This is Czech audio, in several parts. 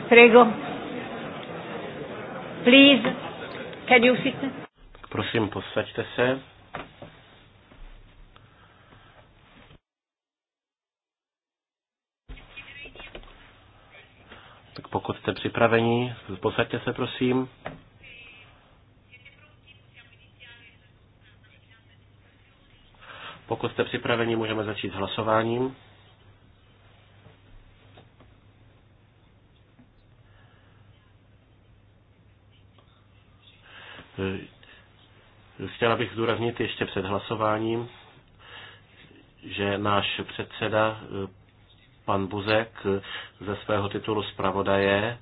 Prego. Please, can you sit? Prosím, posaďte se. Tak pokud jste připraveni, posaďte se, prosím. Pokud jste připraveni, můžeme začít s hlasováním. Eh, chtěla bych zdůraznit ještě před hlasováním, že náš předseda, eh, pan Buzek, eh, ze svého titulu zpravodaje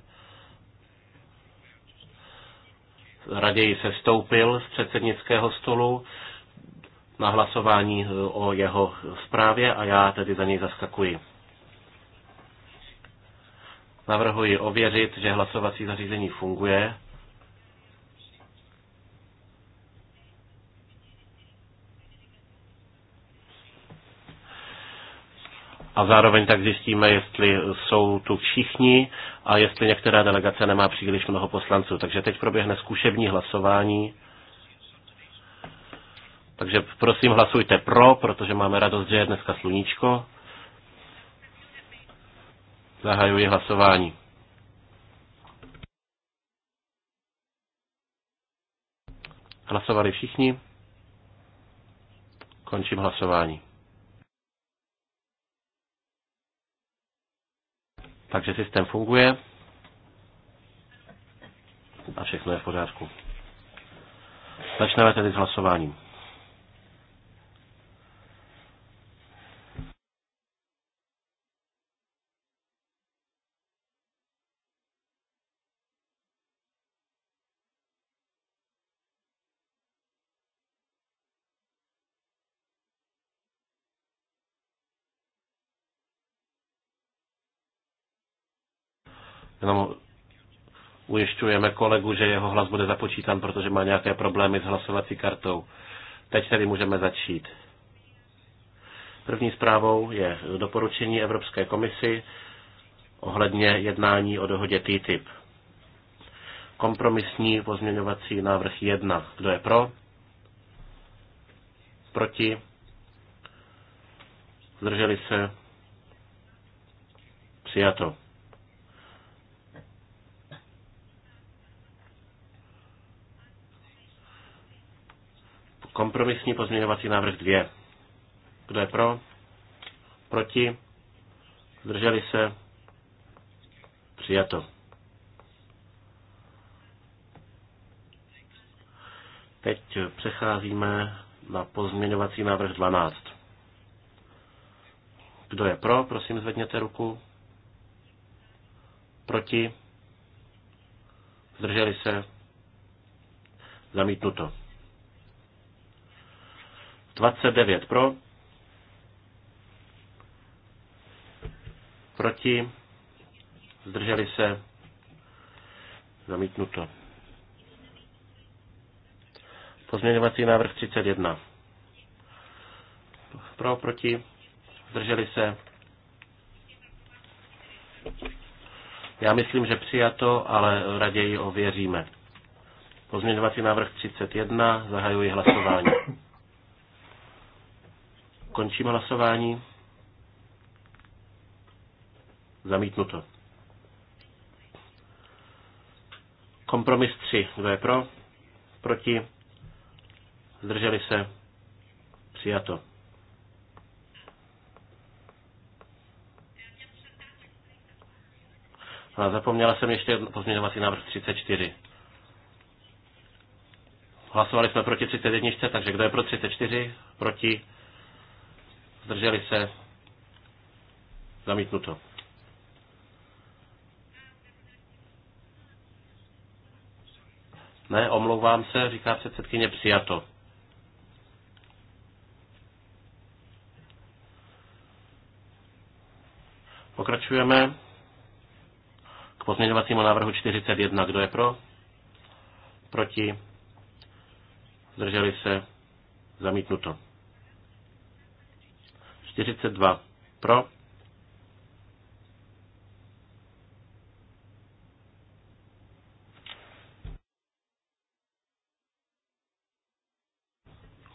raději se stoupil z předsednického stolu na hlasování o jeho zprávě a já tedy za něj zaskakuji. Navrhuji ověřit, že hlasovací zařízení funguje. a zároveň tak zjistíme, jestli jsou tu všichni a jestli některá delegace nemá příliš mnoho poslanců. Takže teď proběhne zkušební hlasování. Takže prosím hlasujte pro, protože máme radost, že je dneska sluníčko. Zahajuji hlasování. Hlasovali všichni? Končím hlasování. Takže systém funguje a všechno je v pořádku. Začneme tedy s hlasováním. Jenom ujišťujeme kolegu, že jeho hlas bude započítán, protože má nějaké problémy s hlasovací kartou. Teď tedy můžeme začít. První zprávou je doporučení Evropské komisi ohledně jednání o dohodě TTIP. Kompromisní pozměňovací návrh 1. Kdo je pro? Proti? Zdrželi se? Přijato. Kompromisní pozměňovací návrh 2. Kdo je pro? Proti? Zdrželi se? Přijato. Teď přecházíme na pozměňovací návrh 12. Kdo je pro, prosím zvedněte ruku. Proti? Zdrželi se? Zamítnuto. 29 pro, proti, zdrželi se, zamítnuto. Pozměňovací návrh 31. Pro, proti, zdrželi se. Já myslím, že přijato, ale raději ověříme. Pozměňovací návrh 31, zahajuji hlasování. Končím hlasování. Zamítnuto. Kompromis 3. Kdo je pro? Proti? Zdrželi se? Přijato. A zapomněla jsem ještě pozměňovací návrh 34. Hlasovali jsme proti 31, takže kdo je pro 34? Proti? zdrželi se, zamítnuto. Ne, omlouvám se, říká předsedkyně, přijato. Pokračujeme k pozměňovacímu návrhu 41. Kdo je pro? Proti? Zdrželi se? Zamítnuto. 42 pro,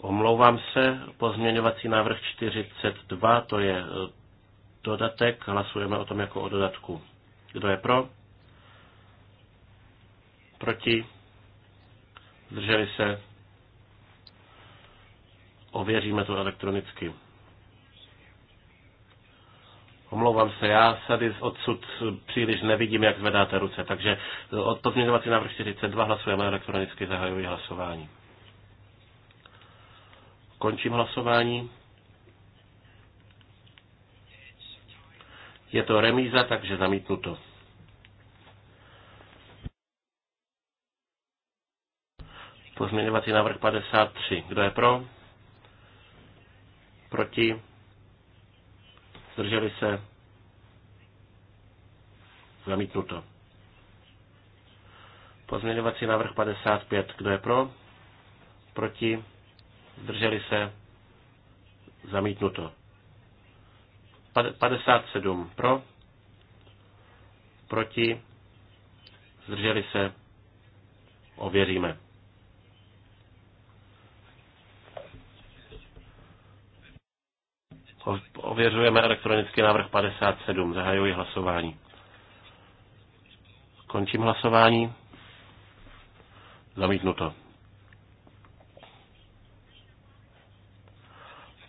Omlouvám se, pozměňovací návrh 42, to je eh, dodatek, hlasujeme o tom jako o dodatku. Kdo je pro? Proti? Zdrželi se? Ověříme to elektronicky. Omlouvám se, já tady odsud příliš nevidím, jak zvedáte ruce, takže od pozměňovací návrh 42 hlasujeme elektronicky, zahajuji hlasování. Končím hlasování. Je to remíza, takže zamítnuto. Pozměňovací návrh 53. Kdo je pro? Proti? Zdrželi se? Zamítnuto. Pozměňovací návrh 55. Kdo je pro? Proti? Zdrželi se? Zamítnuto. 57 pro, proti, zdrželi se, ověříme. Ověřujeme elektronický návrh 57. Zahajuji hlasování. Končím hlasování. Zamítnuto.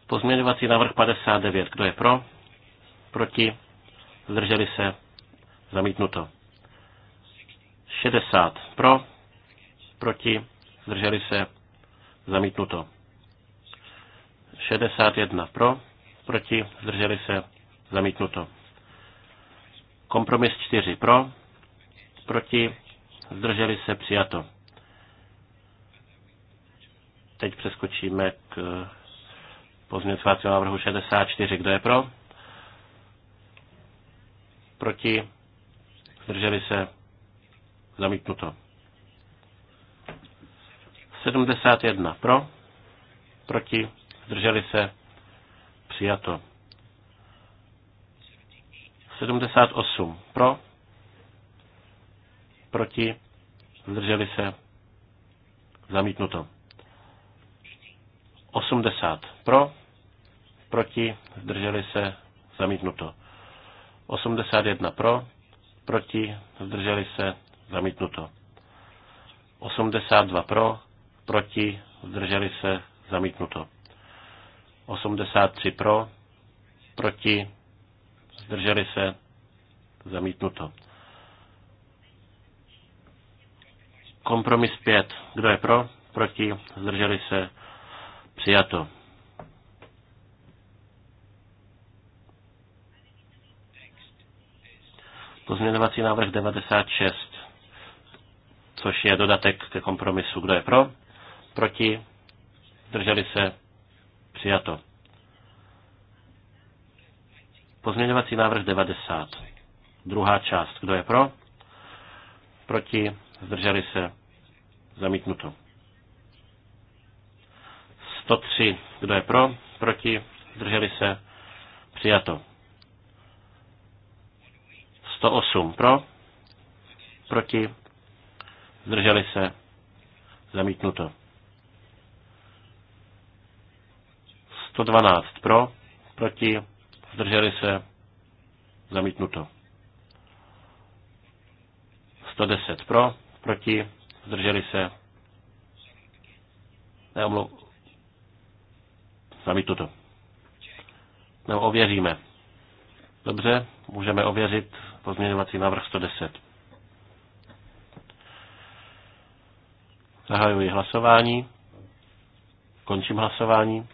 Pozměňovací návrh 59. Kdo je pro? Proti? Zdrželi se? Zamítnuto. 60. Pro? Proti? Zdrželi se? Zamítnuto. 61. Pro? proti, zdrželi se, zamítnuto. Kompromis 4 pro, proti, zdrželi se, přijato. Teď přeskočíme k pozměňovacímu návrhu 64. Kdo je pro? Proti, zdrželi se, zamítnuto. 71 pro, proti, zdrželi se, Přijato. 78. Pro. Proti. Zdrželi se. Zamítnuto. 80. Pro. Proti. Zdrželi se. Zamítnuto. 81. Pro. Proti. Zdrželi se. Zamítnuto. 82. Pro. Proti. Zdrželi se. Zamítnuto. 83 pro, proti, zdrželi se, zamítnuto. Kompromis 5. Kdo je pro? Proti? Zdrželi se? Přijato. Pozměňovací návrh 96, což je dodatek ke kompromisu. Kdo je pro? Proti? Zdrželi se? Přijato. Pozměňovací návrh 90. Druhá část. Kdo je pro? Proti? Zdrželi se? Zamítnuto. 103. Kdo je pro? Proti? Zdrželi se? Přijato. 108 pro, proti, zdrželi se, zamítnuto. 112 pro, proti, zdrželi se, zamítnuto. 110 pro, proti, zdrželi se, neomluv, zamítnuto. Nebo ověříme. Dobře, můžeme ověřit pozměňovací návrh 110. Zahajuji hlasování. Končím hlasování.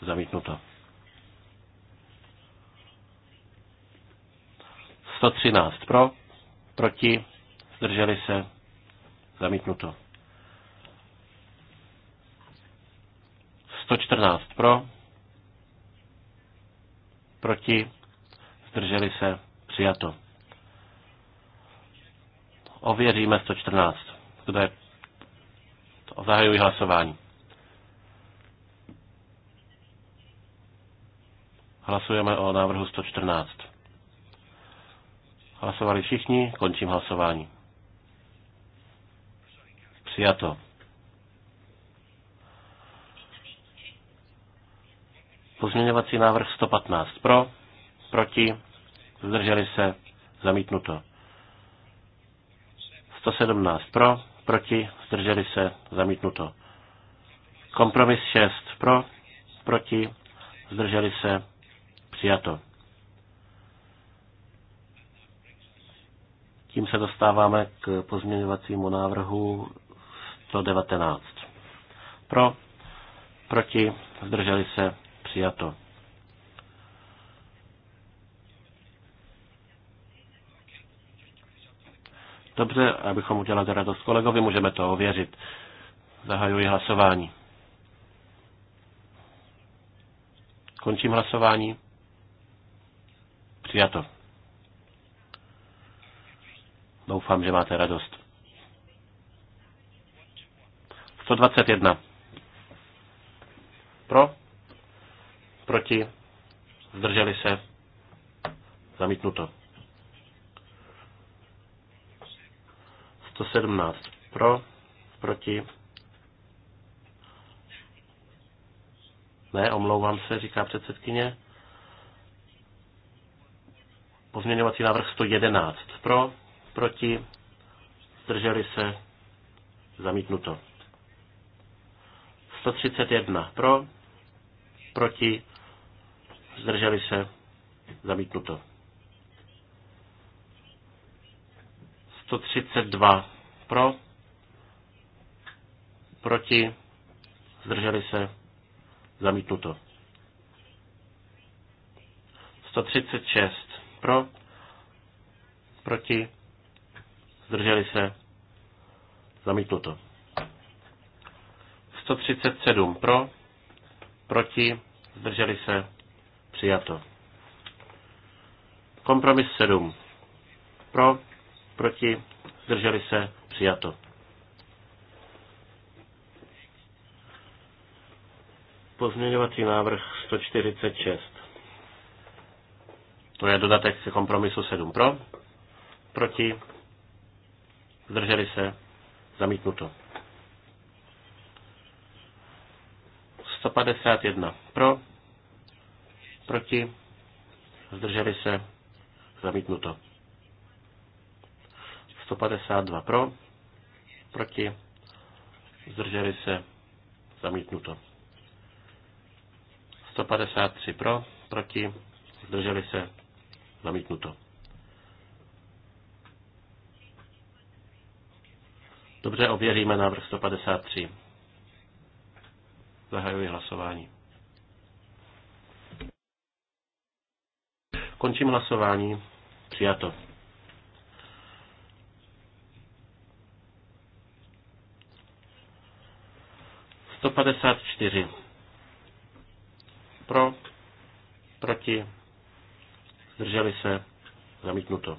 Zamítnuto. 113 pro, proti, zdrželi se, zamítnuto. 114 pro, proti, zdrželi se, přijato. Ověříme 114. Kdo je? Zahajuji hlasování. Hlasujeme o návrhu 114. Hlasovali všichni, končím hlasování. Přijato. Pozměňovací návrh 115. Pro, proti, zdrželi se, zamítnuto. 117. Pro, proti, zdrželi se, zamítnuto. Kompromis 6. Pro, proti, zdrželi se, Přijato. Tím se dostáváme k pozměňovacímu návrhu 119. Pro, proti, zdrželi se, přijato. Dobře, abychom udělali radost kolegovi, můžeme to ověřit. Zahajuji hlasování. Končím hlasování. Přijato. Doufám, že máte radost. 121. Pro? Proti? Zdrželi se? Zamítnuto. 117. Pro? Proti? Ne, omlouvám se, říká předsedkyně. Pozměňovací návrh 111. Pro, proti, zdrželi se, zamítnuto. 131. Pro, proti, zdrželi se, zamítnuto. 132. Pro, proti, zdrželi se, zamítnuto. 136 pro? Proti? Zdrželi se? to. 137 pro, proti, zdrželi se, přijato. Kompromis 7. Pro, proti, zdrželi se, přijato. Pozměňovací návrh 146. To je dodatek k kompromisu 7 pro, proti, zdrželi se, zamítnuto. 151 pro, proti, zdrželi se, zamítnuto. 152 pro, proti, zdrželi se, zamítnuto. 153 pro, proti, zdrželi se, namítnuto. Dobře, ověříme návrh 153. Zahajuji hlasování. Končím hlasování. Přijato. Sto padesát čtyři. Pro, proti, Zdrželi se? Zamítnuto.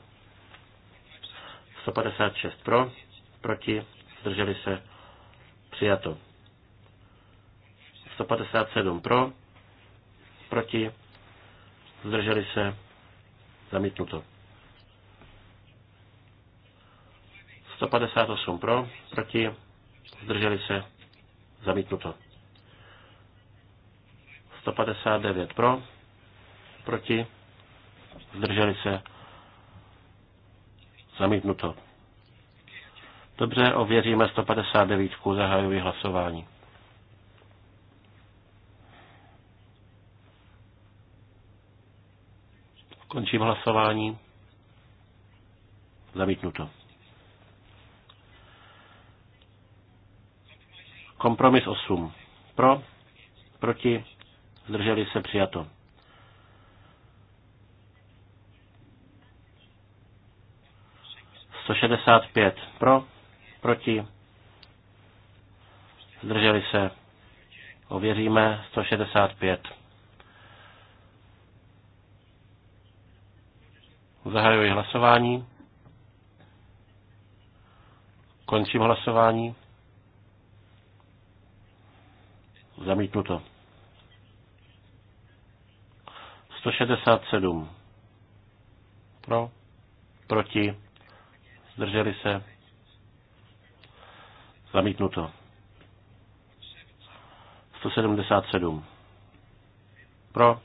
156 pro, proti, zdrželi se, přijato. 157 pro, proti, zdrželi se, zamítnuto. 158 pro, proti, zdrželi se, zamítnuto. 159 pro, proti, zdrželi se, zamítnuto. Dobře, ověříme 159, zahajuji hlasování. Končím hlasování. Zamítnuto. Kompromis 8. Pro, proti, zdrželi se přijato. 165 pro, proti, zdrželi se, ověříme 165. Zahajuji hlasování. Končím hlasování. Zamítnu to. 167. Pro. Proti. Zdrželi se? Zamítnuto. 177. Pro?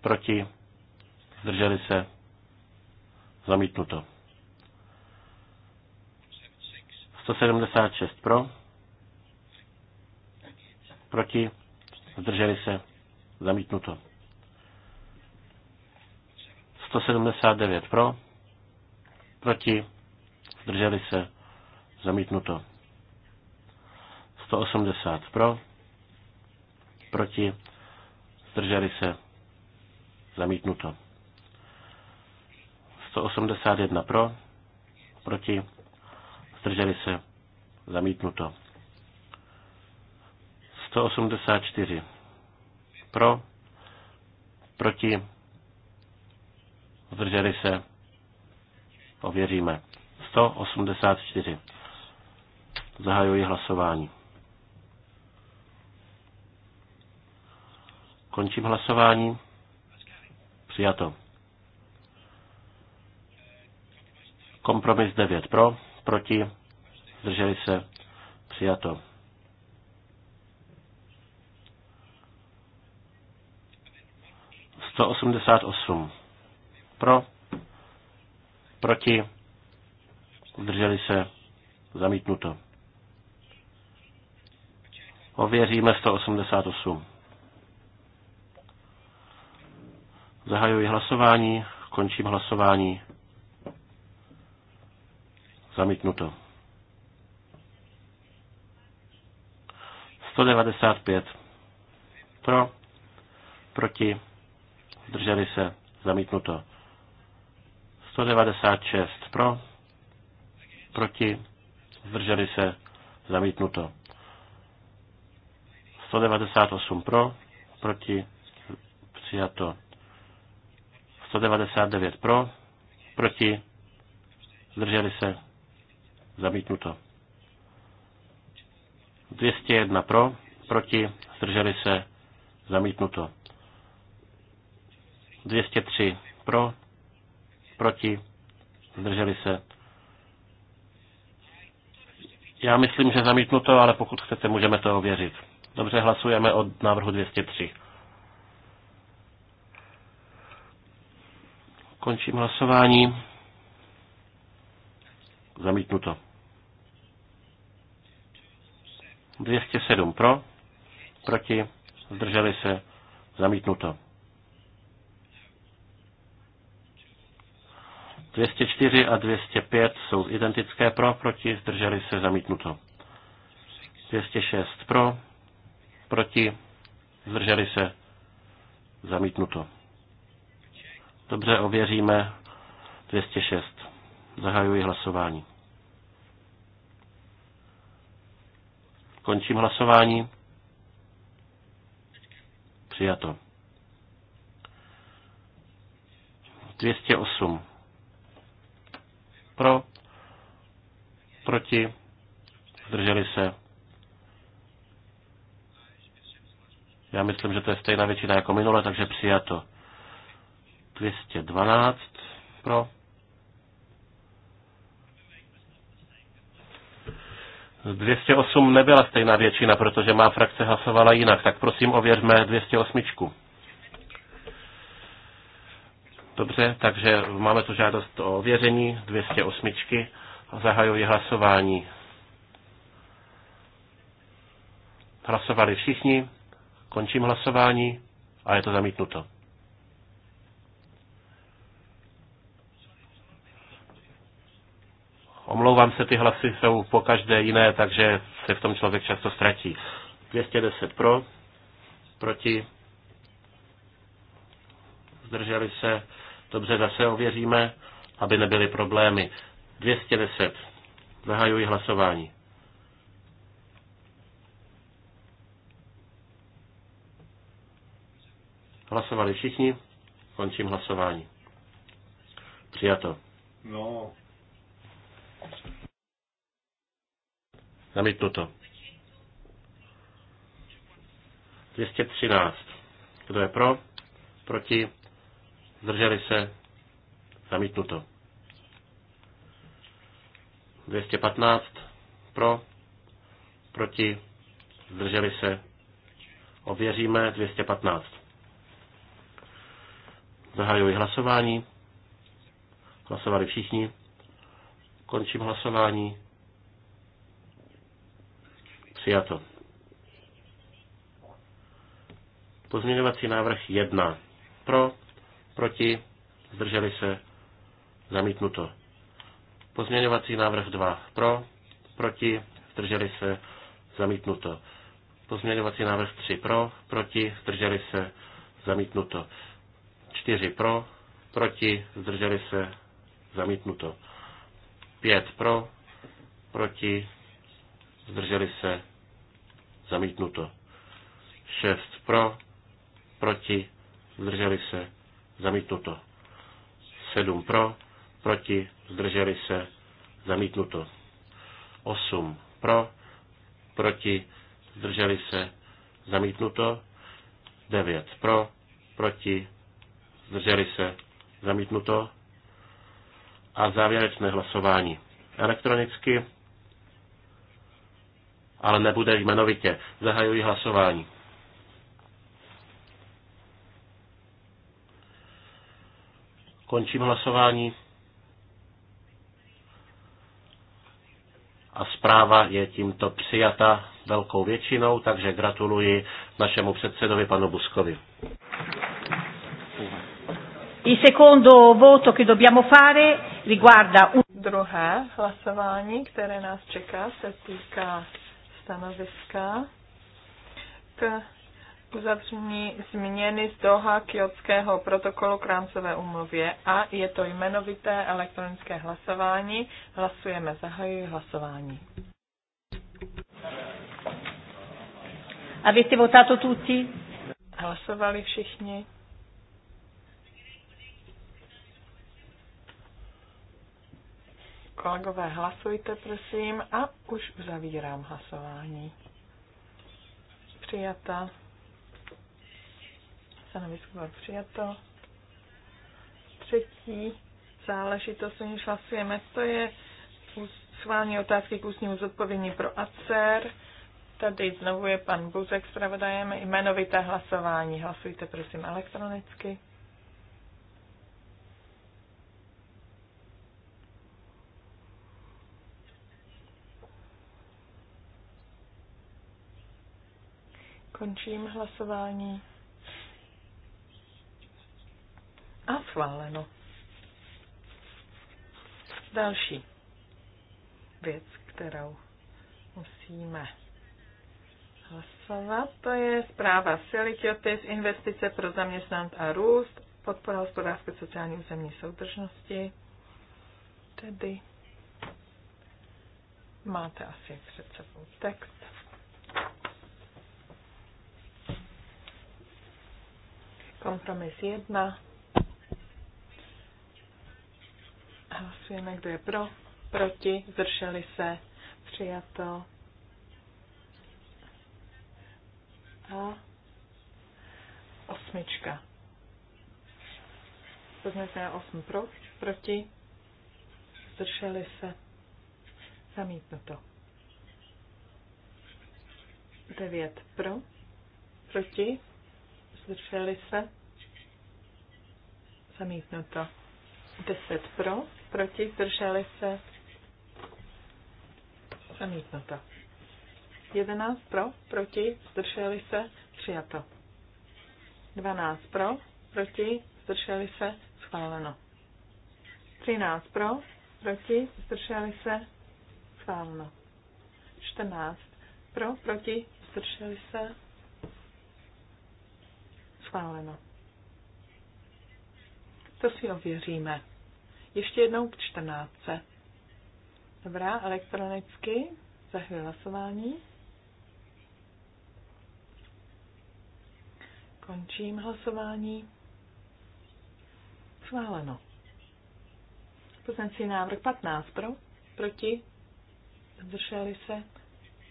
Proti? Zdrželi se? Zamítnuto. 176 pro. Proti? Zdrželi se? Zamítnuto. 179 pro. Proti? zdrželi se, zamítnuto. 180 pro, proti, zdrželi se, zamítnuto. 181 pro, proti, zdrželi se, zamítnuto. 184 pro, proti, zdrželi se, ověříme. 184. Zahajuji hlasování. Končím hlasování. Přijato. Kompromis 9 pro, proti, zdrželi se, přijato. Sto osmdesát osm pro, proti, Zdrželi se? Zamítnuto. Ověříme 188. Zahajuji hlasování, končím hlasování. Zamítnuto. 195. Pro, proti, zdrželi se, zamítnuto. 196 pro, proti, zdrželi se, zamítnuto. 198 pro, proti, přijato. 199 pro, proti, zdrželi se, zamítnuto. 201 pro, proti, zdrželi se, zamítnuto. 203 pro, proti, zdrželi se, já myslím, že zamítnuto, ale pokud chcete, můžeme to ověřit. Dobře, hlasujeme od návrhu 203. Končím hlasování. Zamítnuto. 207 pro, proti, zdrželi se, zamítnuto. 204 a 205 jsou identické pro, proti, zdrželi se zamítnuto. 206 pro, proti, zdrželi se zamítnuto. Dobře, ověříme 206. Zahajuji hlasování. Končím hlasování. Přijato. 208 pro, proti, zdrželi se. Já myslím, že to je stejná většina jako minule, takže přijato. 212 pro. Z 208 nebyla stejná většina, protože má frakce hlasovala jinak, tak prosím ověřme 208. Dobře, takže máme tu žádost o ověření 208. Zahajuji hlasování. Hlasovali všichni, končím hlasování a je to zamítnuto. Omlouvám se, ty hlasy jsou po každé jiné, takže se v tom člověk často ztratí. 210 pro, proti, zdrželi se, Dobře, zase ověříme, aby nebyly problémy. 210. Zahajuji hlasování. Hlasovali všichni? Končím hlasování. Přijato. No. Zamítnuto. 213. Kdo je pro? Proti? Zdrželi se? Zamítnuto. 215 pro, proti, zdrželi se, ověříme 215. Zahajuji hlasování. Hlasovali všichni. Končím hlasování. Přijato. Pozměňovací návrh 1. Pro, Proti? Zdrželi se? Zamítnuto. Pozměňovací návrh 2. Pro? Proti? Zdrželi se? Zamítnuto. Pozměňovací návrh 3. Pro? Proti? Zdrželi se? Zamítnuto. 4. Pro? Proti? Zdrželi se? Zamítnuto. 5. Pro? Proti? Zdrželi se? Zamítnuto. 6. Pro? Proti? Zdrželi se? zamítnuto. 7 pro, proti, zdrželi se, zamítnuto. 8 pro, proti, zdrželi se, zamítnuto. 9 pro, proti, zdrželi se, zamítnuto. A závěrečné hlasování. Elektronicky, ale nebude jmenovitě. Zahajuji hlasování. Končím hlasování. A zpráva je tímto přijata velkou většinou, takže gratuluji našemu předsedovi panu Buskovi. Il secondo voto che dobbiamo fare riguarda un... Druhé hlasování, které nás čeká, se týká stanoviska k uzavření změny z Doha Kyotského protokolu k rámcové umluvě a je to jmenovité elektronické hlasování. Hlasujeme, zahajuji hlasování. jste votáto tutti? Hlasovali všichni. Kolegové, hlasujte, prosím, a už uzavírám hlasování. Přijata stanovisko bylo přijato. Třetí záležitost, o níž hlasujeme, to je schválně otázky k ústnímu zodpovědní pro ACER. Tady znovu je pan Buzek s pravodajem. Jmenovité hlasování. Hlasujte prosím elektronicky. Končím hlasování. A schváleno. Další věc, kterou musíme hlasovat, to je zpráva Silikiotis, investice pro zaměstnant a růst, podpora hospodářské sociální územní soudržnosti. Tedy máte asi před sebou text. Kompromis 1 Hlasujeme, kdo je pro, proti, zdrželi se, přijato. A osmička. znamená osm pro, proti, zdrželi se, zamítnuto. Devět pro, proti, zdrželi se, zamítnuto. 10 pro, proti, zdrželi se. Zamítnuto. 11 pro, proti, zdrželi se, přijato. 12 pro, proti, zdrželi se, schváleno. 13 pro, proti, zdrželi se, schváleno. 14 pro, proti, zdrželi se, schváleno. To si ověříme. Ještě jednou k čtrnáctce. Dobrá, elektronicky zahajuji hlasování. Končím hlasování. Schváleno. Poznací návrh 15 pro, proti, zdrželi se,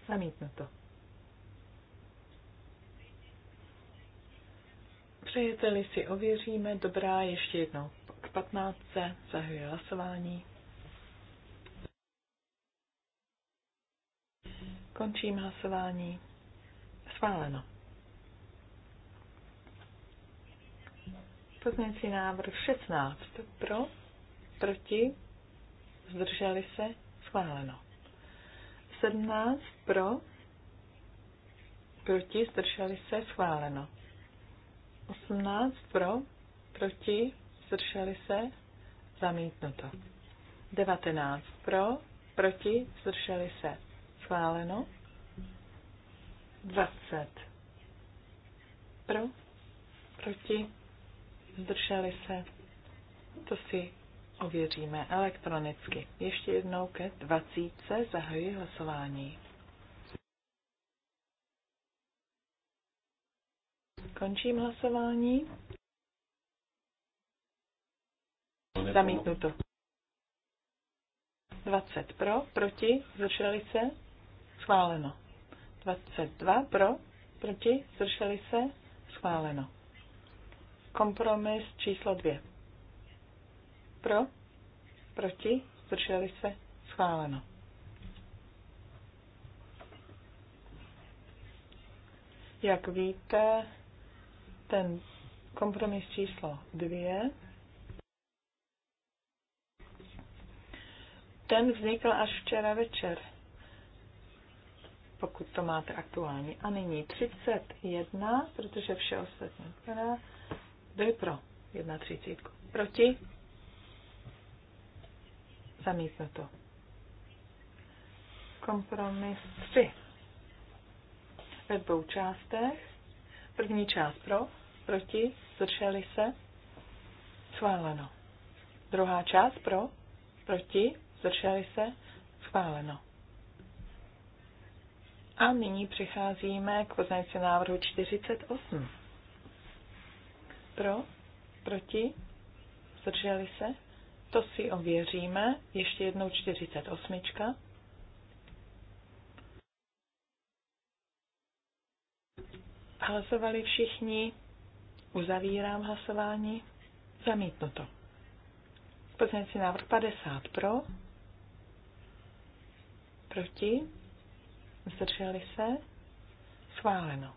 zamítnuto. Přejete-li si ověříme, dobrá, ještě jednou. 15. Zahajuji hlasování. Končím hlasování. Schváleno. Pozměňující návrh 16. Pro, proti, zdrželi se, schváleno. 17. Pro, proti, zdrželi se, schváleno. 18. Pro, proti, zdrželi se, zamítnuto. 19 pro, proti, zdrželi se, schváleno. 20 pro, proti, zdrželi se, to si ověříme elektronicky. Ještě jednou ke 20 zahajuji hlasování. Končím hlasování. Zamítnuto. 20 pro, proti, zrušili se, schváleno. 22 pro, proti, zrušili se, schváleno. Kompromis číslo 2. Pro, proti, zrušili se, schváleno. Jak víte, ten kompromis číslo 2 ten vznikl až včera večer, pokud to máte aktuální. A nyní 31, protože vše ostatní která byly pro 31. Proti? to. Kompromis 3. Ve dvou částech. První část pro, proti, zdrželi se, schváleno. Druhá část pro, proti, Zdrželi se? Schváleno. A nyní přicházíme k poznávací návrhu 48. Pro? Proti? Zdrželi se? To si ověříme. Ještě jednou 48. Hlasovali všichni. Uzavírám hlasování. Zamítnuto. Pozměňující návrh 50 pro, Proti? Zdrželi se? Schváleno.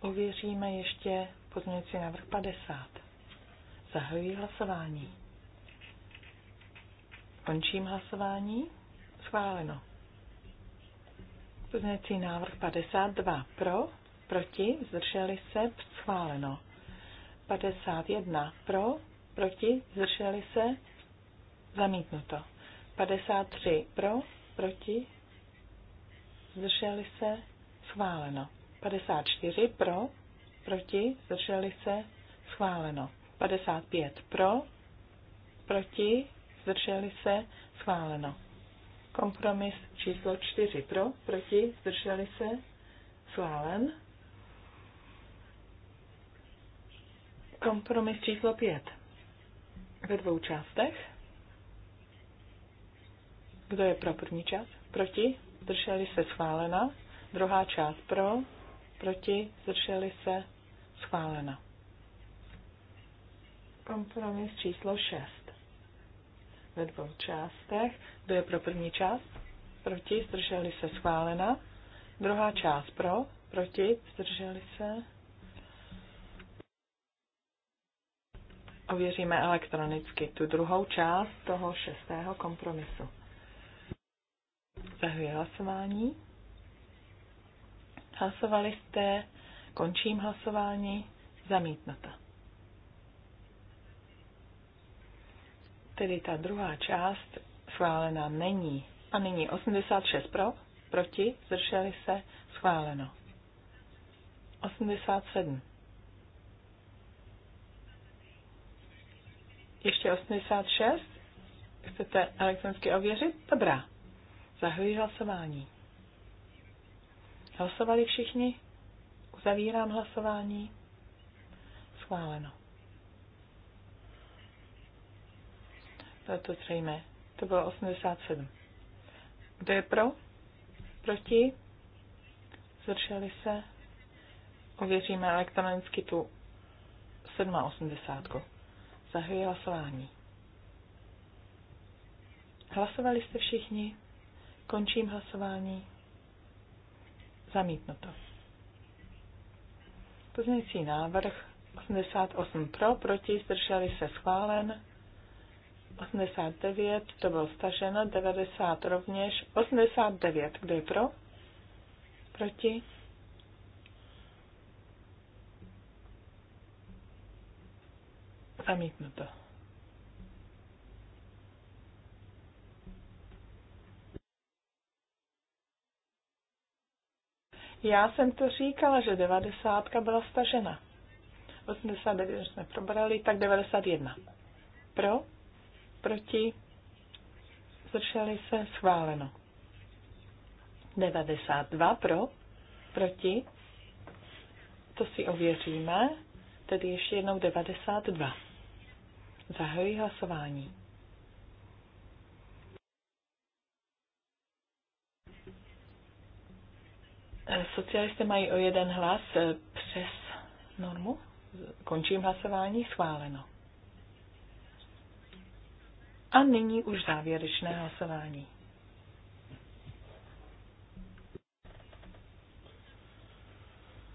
Ověříme ještě pozměňující návrh 50. Zahajuji hlasování. Končím hlasování. Schváleno. Pozměňující návrh 52. Pro, proti, zdrželi se, schváleno. 51. Pro, proti, zdrželi se, Zamítnuto. 53 pro, proti, zdrželi se, schváleno. 54 pro, proti, zdrželi se, schváleno. 55 pro, proti, zdrželi se, schváleno. Kompromis číslo 4 pro, proti, zdrželi se, schválen. Kompromis číslo 5 ve dvou částech. Kdo je pro první část? Proti? Zdrželi se schválena. Druhá část pro. Proti? Zdrželi se schválena. Kompromis číslo 6. Ve dvou částech. Kdo je pro první část? Proti? Zdrželi se schválena. Druhá část pro. Proti? Zdrželi se. Ověříme elektronicky tu druhou část toho šestého kompromisu. Zahajuji hlasování. Hlasovali jste, končím hlasování, zamítnuto. Tedy ta druhá část schválená není. A nyní 86 pro, proti, zdrželi se, schváleno. 87. Ještě 86? Chcete elektronicky ověřit? Dobrá. Zahajuji hlasování. Hlasovali všichni? Uzavírám hlasování. Schváleno. To je to zřejmé. To bylo 87. Kdo je pro? Proti? Zdrželi se? Ověříme elektronicky tu 780. Zahajuji hlasování. Hlasovali jste všichni? Končím hlasování. Zamítnuto. Pozměňující návrh 88 pro, proti, zdrželi se schválen. 89, to bylo staženo, 90 rovněž, 89, kdo je pro? Proti? Zamítnuto. Já jsem to říkala, že 90 byla stažena. 89 jsme probrali, tak 91. Pro, proti, zdrželi se, schváleno. 92 pro, proti, to si ověříme, tedy ještě jednou 92. Zahajuji hlasování. E, socialisté mají o jeden hlas e, přes normu. Končím hlasování, schváleno. A nyní už závěrečné hlasování.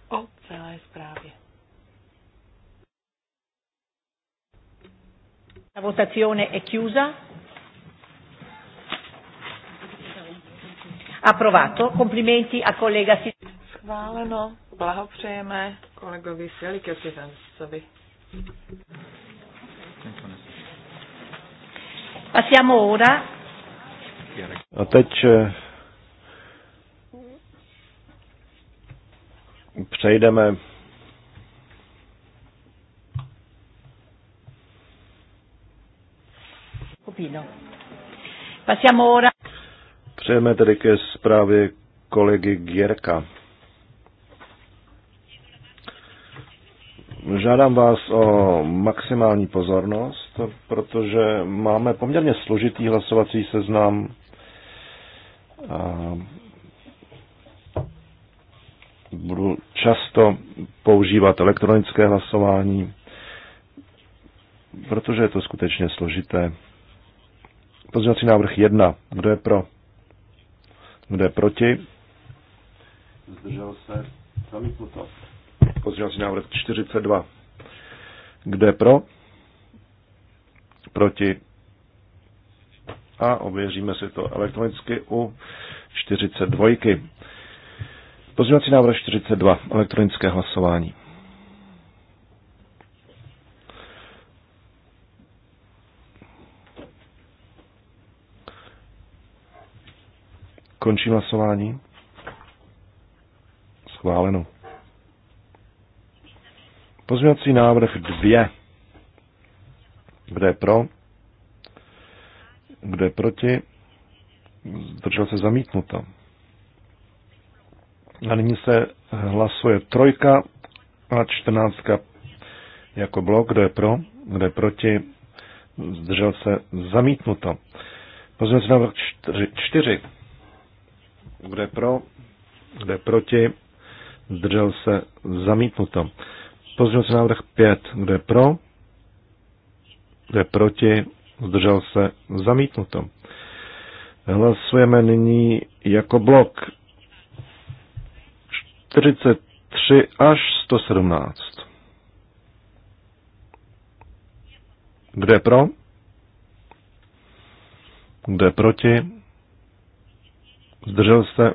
O celé zprávě. La votazione è chiusa. Aprovato, Komplimenti a kolega Schváleno. Blahopřejeme kolegovi Silikiotizensovi. Passiamo ora. A teď eh, přejdeme Passiamo ora Přejeme tedy ke zprávě kolegy Gierka. Žádám vás o maximální pozornost, protože máme poměrně složitý hlasovací seznam. budu často používat elektronické hlasování, protože je to skutečně složité. Pozměňovací návrh 1. Kdo je pro? Kdo je proti? Zdržel se. Zamítnuto. si návrh 42. Kdo je pro? Proti? A ověříme si to elektronicky u 42. si návrh 42. Elektronické hlasování. Končím hlasování. Schváleno. Pozměňovací návrh 2. Kdo je pro? Kdo je proti? Zdržel se zamítnuto. A nyní se hlasuje trojka a čtrnáctka jako blok. Kdo je pro? Kdo je proti? Zdržel se zamítnuto. Pozměňovací návrh 4. Kdo je pro? Kdo je proti? zdržel se zamítnuto. Pozměňovací návrh 5. Kdo je pro? Kdo je proti? Zdržel se zamítnuto. Hlasujeme nyní jako blok 43 až 117. Kde pro? Kde proti? zdržel se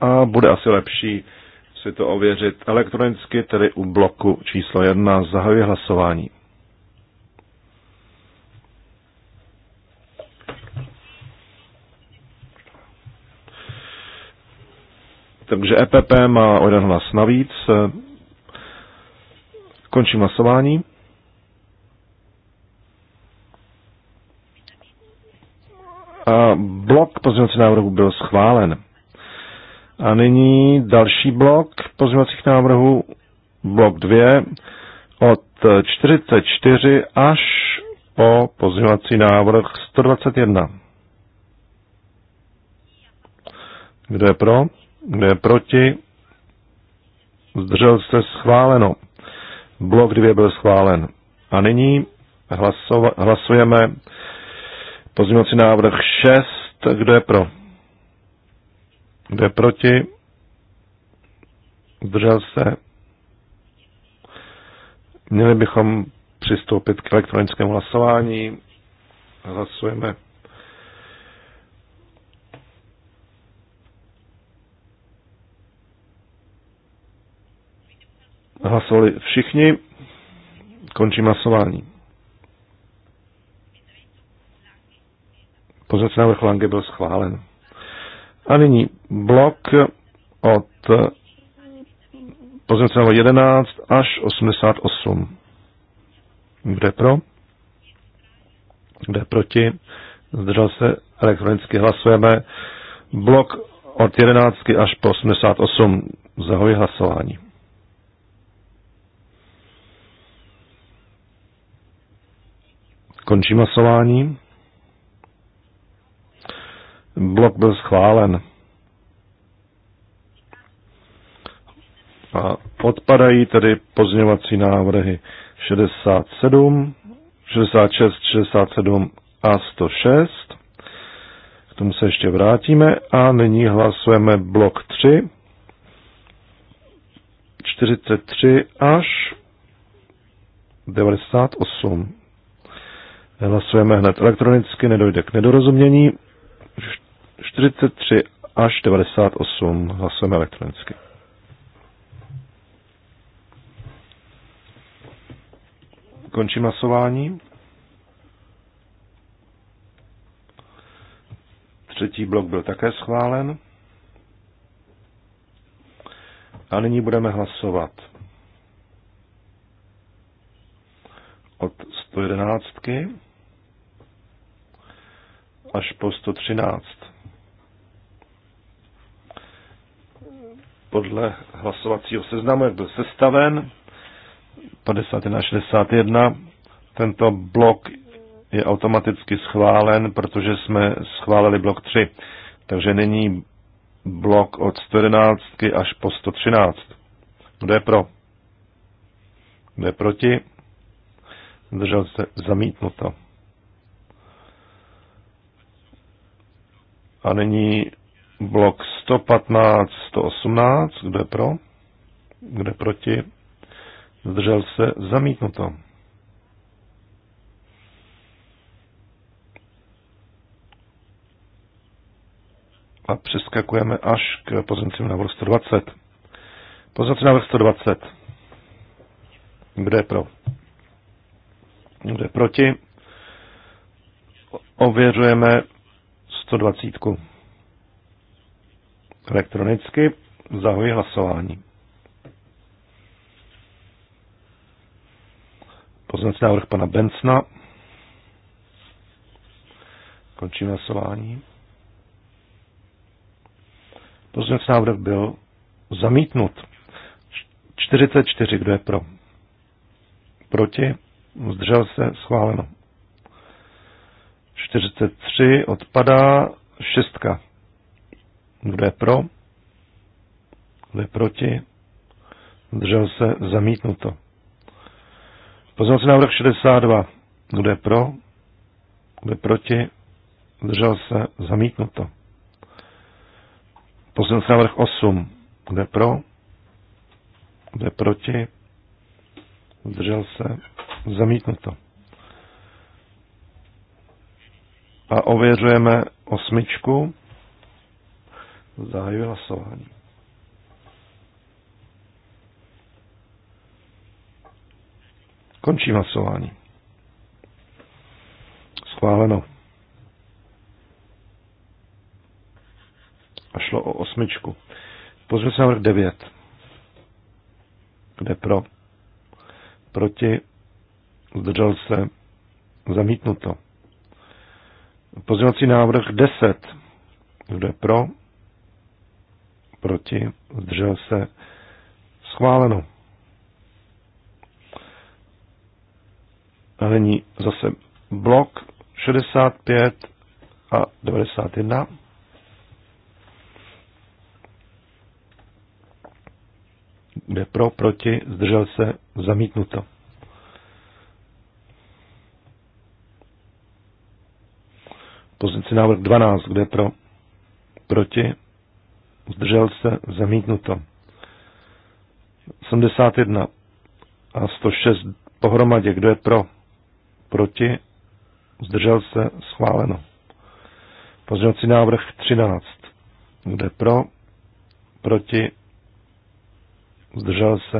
a bude asi lepší si to ověřit elektronicky, tedy u bloku číslo 1 zahajuje hlasování. Takže EPP má o jeden hlas navíc. Končím hlasování. a blok pozměňovacích návrhů byl schválen. A nyní další blok pozměňovacích návrhů, blok 2, od 44 až po pozměňovací návrh 121. Kdo je pro? Kdo je proti? Zdržel se schváleno. Blok 2 byl schválen. A nyní hlasujeme Pozměňovací návrh 6. Kdo je pro? Kdo je proti? Zdržel se? Měli bychom přistoupit k elektronickému hlasování. Hlasujeme. Hlasovali všichni. Končím hlasování. Pozměňovací návrh Lange byl schválen. A nyní blok od pozměňovací 11 až 88. Kde pro? Kde proti? Zdržel se elektronicky hlasujeme. Blok od 11 až po 88. Zahoji hlasování. Končím hlasování. Blok byl schválen. A odpadají tedy pozměňovací návrhy 67, 66, 67 a 106. K tomu se ještě vrátíme a nyní hlasujeme blok 3, 43 až 98. Hlasujeme hned elektronicky, nedojde k nedorozumění. 43 až 98 hlasujeme elektronicky. Končím hlasování. Třetí blok byl také schválen. A nyní budeme hlasovat od 111 až po 113. podle hlasovacího seznamu, jak byl sestaven, 51 61. Tento blok je automaticky schválen, protože jsme schválili blok 3. Takže není blok od 111 až po 113. Kdo je pro? Kdo je proti? Držel se zamítnuto. A nyní blok 115, 118, kdo je pro, kdo je proti, zdržel se, zamítnuto. A přeskakujeme až k pozemcím návrhu 120. Pozemcí návrh 120. Kdo je pro? Kdo je proti? Ověřujeme 120. Elektronicky zahoji hlasování. Poznací návrh pana Bencna. Končím hlasování. Poznací návrh byl zamítnut. 44, kdo je pro? Proti? Zdržel se? Schváleno. 43 odpadá. Šestka. Kdo je pro? Kdo je proti? Zdržel se zamítnuto. Pozměňovací návrh 62. Kdo je pro? Kdo je proti? Zdržel se zamítnuto. Pozměňovací návrh 8. Kdo je pro? Kdo je proti? Zdržel se zamítnuto. A ověřujeme osmičku. Zahajuji hlasování. Končím hlasování. Schváleno. A šlo o osmičku. Pozměl se návrh 9. Kde pro? Proti? Zdržel se? Zamítnuto. Pozměňovací návrh 10. Kdo je pro? proti, zdržel se, schváleno. A nyní zase blok 65 a 91. Kde pro, proti, zdržel se, zamítnuto. Pozici návrh 12, kde pro, proti, zdržel se, zamítnuto. 71 a 106 pohromadě, kdo je pro, proti, zdržel se, schváleno. Pozdělací návrh 13, kdo je pro, proti, zdržel se,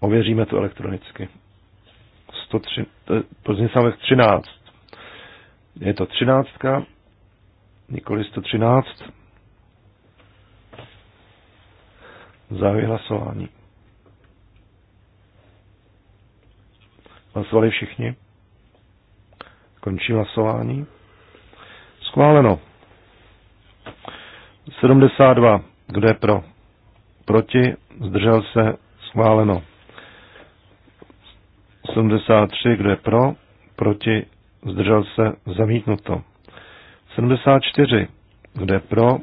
ověříme to elektronicky. 103, eh, Plzeň návrh 13. Je to 13, nikoli 113. Zahajuji hlasování. Hlasovali všichni? Končím hlasování. Schváleno. 72. Kdo je pro? Proti? Zdržel se? Schváleno. 73. Kdo je pro? Proti? Zdržel se? Zamítnuto. 74. Kdo je pro?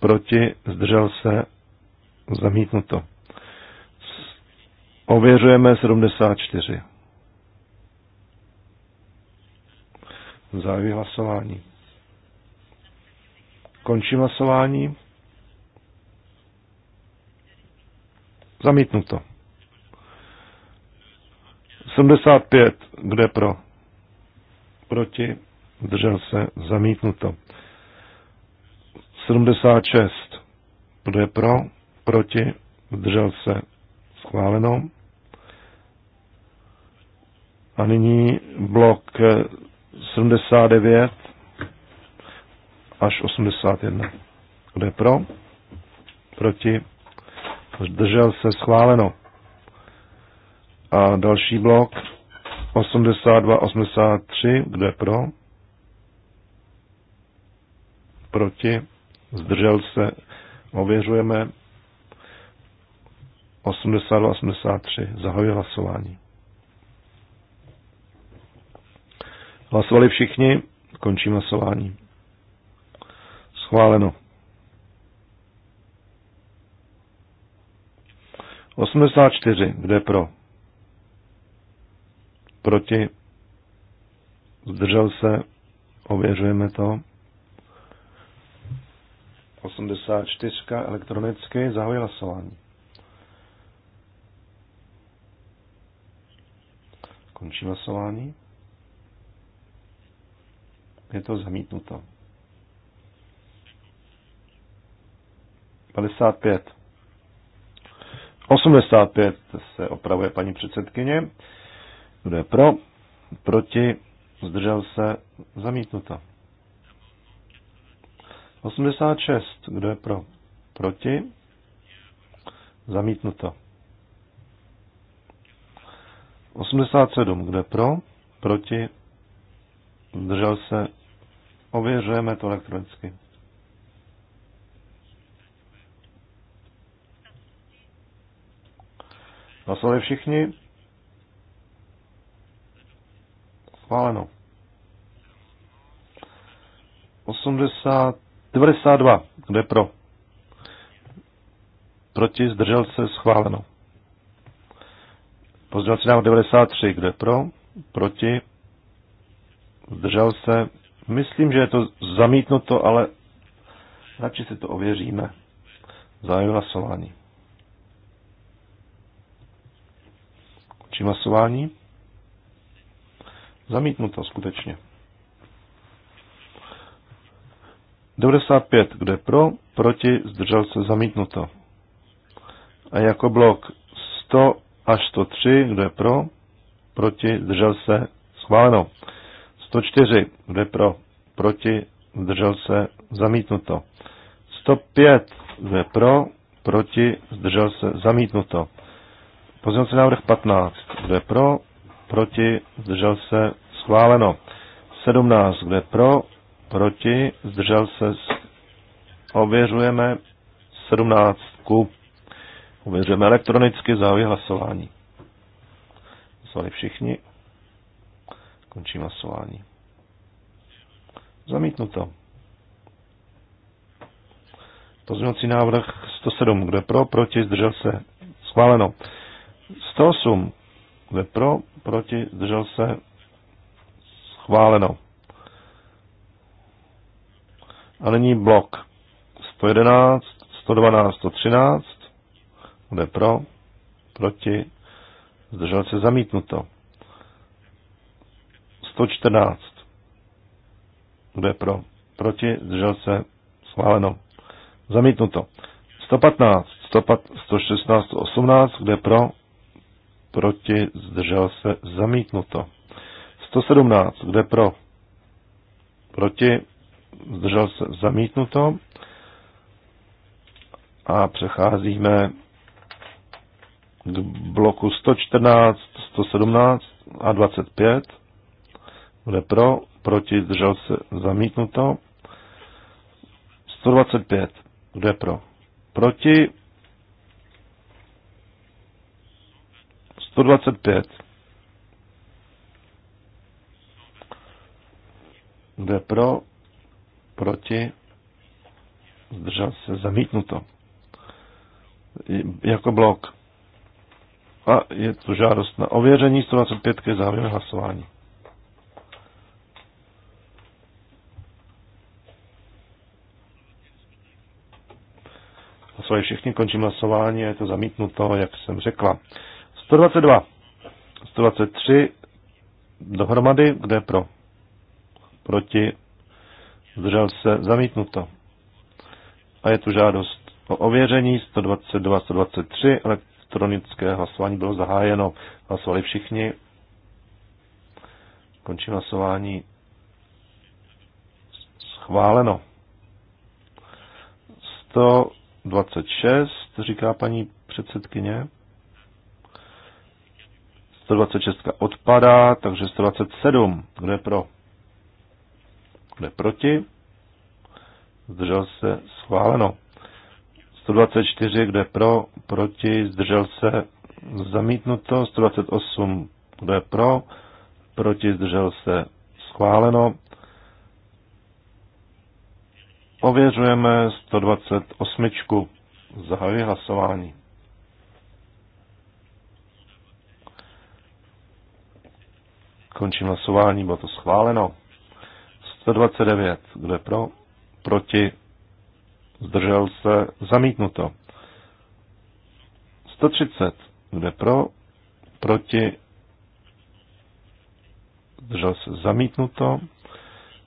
Proti? Zdržel se? Zamítnuto. Ověřujeme 74. Závěr hlasování. Končím hlasování. Zamítnuto. 75. Kde pro? Proti. Držel se. Zamítnuto. 76. Kdo je pro? proti, zdržel se schváleno. A nyní blok 79 až 81. Kdo je pro? Proti? Zdržel se schváleno. A další blok 82, 83. Kdo je pro? Proti? Zdržel se. Ověřujeme 82 83. Zahajuji hlasování. Hlasovali všichni, končím hlasování. Schváleno. 84. Kde pro? Proti? Zdržel se? Ověřujeme to. 84. Elektronicky zahojí hlasování. končí hlasování. Je to zamítnuto. 55. 85 se opravuje paní předsedkyně. Kdo je pro? Proti? Zdržel se? Zamítnuto. 86. Kdo je pro? Proti? Zamítnuto. 87, kde pro, proti, zdržel se, ověřujeme to elektronicky. Hlasovali všichni? Schváleno. 80, 92, kde pro? Proti, zdržel se, schváleno. Pozdělací návrh 93, kde pro, proti, zdržel se. Myslím, že je to zamítnuto, ale radši si to ověříme. Zájem hlasování. Či hlasování. Zamítnuto skutečně. 95, kde pro, proti, zdržel se zamítnuto. A jako blok 100 až 103, kdo je pro, proti, zdržel se, schváleno. 104, kdo je pro, proti, zdržel se, zamítnuto. 105, kdo je pro, proti, zdržel se, zamítnuto. Pozměňovací návrh 15, kdo je pro, proti, zdržel se, schváleno. 17, kdo je pro, proti, zdržel se, ověřujeme 17 ku Uvěřujeme elektronicky závěr hlasování. Zvali všichni. Končím hlasování. Zamítnuto. Pozměňovací návrh 107. Kdo pro, proti, zdržel se. Schváleno. 108. Kdo pro, proti, zdržel se. Schváleno. A nyní blok 111, 112, 113, bude pro, proti, zdržel se zamítnuto. 114. Bude pro, proti, zdržel se schváleno. Zamítnuto. 115, 116, 18, kde pro, proti, zdržel se, zamítnuto. 117, kde pro, proti, zdržel se, zamítnuto. A přecházíme k bloku 114, 117 a 25. Bude pro, proti, zdržel se, zamítnuto. 125. Kdo pro? Proti. 125. Kdo pro? Proti. Zdržel se, zamítnuto. Jako blok a je to žádost na ověření 125. Závěr hlasování. Hlasovali všichni, končím hlasování a je to zamítnuto, jak jsem řekla. 122, 123 dohromady, kde pro? Proti, zdržel se, zamítnuto. A je tu žádost o ověření 122, 123, ale Elektronické hlasování bylo zahájeno. Hlasovali všichni. Končím hlasování. Schváleno. 126, říká paní předsedkyně. 126 odpadá, takže 127. Kdo je pro? Kdo je proti? Zdržel se schváleno. 124, kde pro, proti, zdržel se, zamítnuto. 128, kde pro, proti, zdržel se, schváleno. Ověřujeme 128. Zahajuji hlasování. Končím hlasování, bylo to schváleno. 129, kdo je pro, proti, zdržel se, zamítnuto. 130, kde pro, proti, zdržel se, zamítnuto.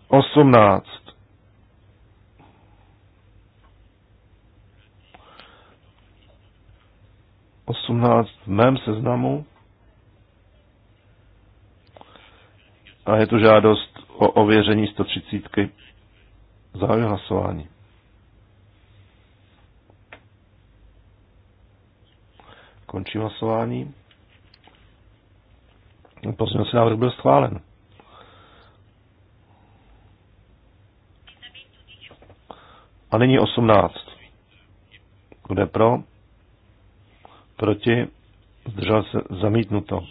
18, osmnáct v mém seznamu a je tu žádost o ověření 130. Zahajuji hlasování. Končím hlasování. Pozměňovací návrh byl schválen. A nyní 18. Kde pro? Proti? Zdržel se zamítnuto.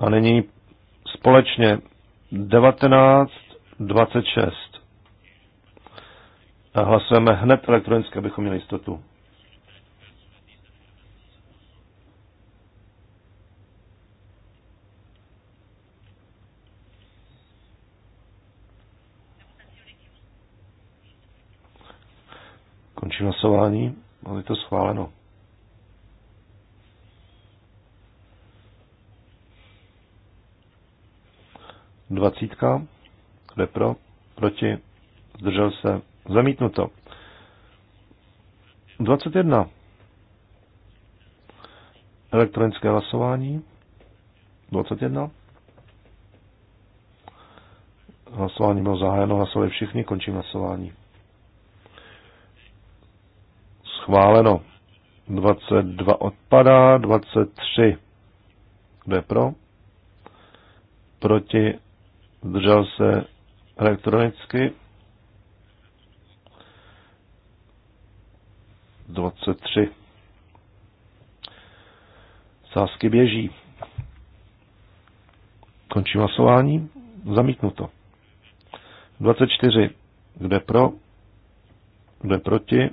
A nyní společně 19, 26. A hlasujeme hned elektronicky, abychom měli jistotu. Končím hlasování. bylo to schváleno. Dvacítka. Kde pro? Proti? Zdržel se? Zamítnuto. 21. Elektronické hlasování. 21. Hlasování bylo zahájeno, hlasovali všichni, končím hlasování schváleno. 22 odpadá, 23. Kdo je pro? Proti, držel se elektronicky. 23. Sázky běží. Končí hlasování. Zamítnuto. 24. Kde pro? Kde proti?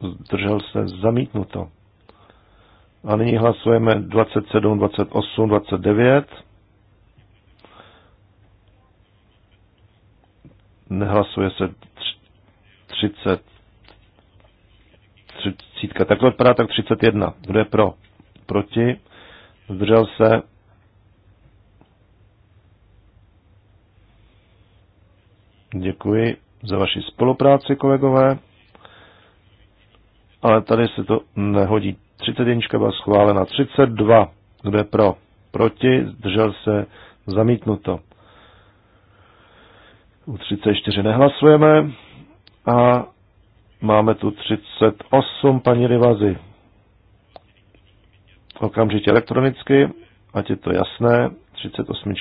zdržel se, zamítnuto. A nyní hlasujeme 27, 28, 29. Nehlasuje se 30. 30. to vypadá tak 31. Kdo je pro? Proti? Zdržel se? Děkuji za vaši spolupráci, kolegové ale tady se to nehodí. 31 byla schválena, 32 kde pro, proti, zdržel se, zamítnuto. U 34 nehlasujeme a máme tu 38 paní Rivazy. Okamžitě elektronicky, ať je to jasné, 38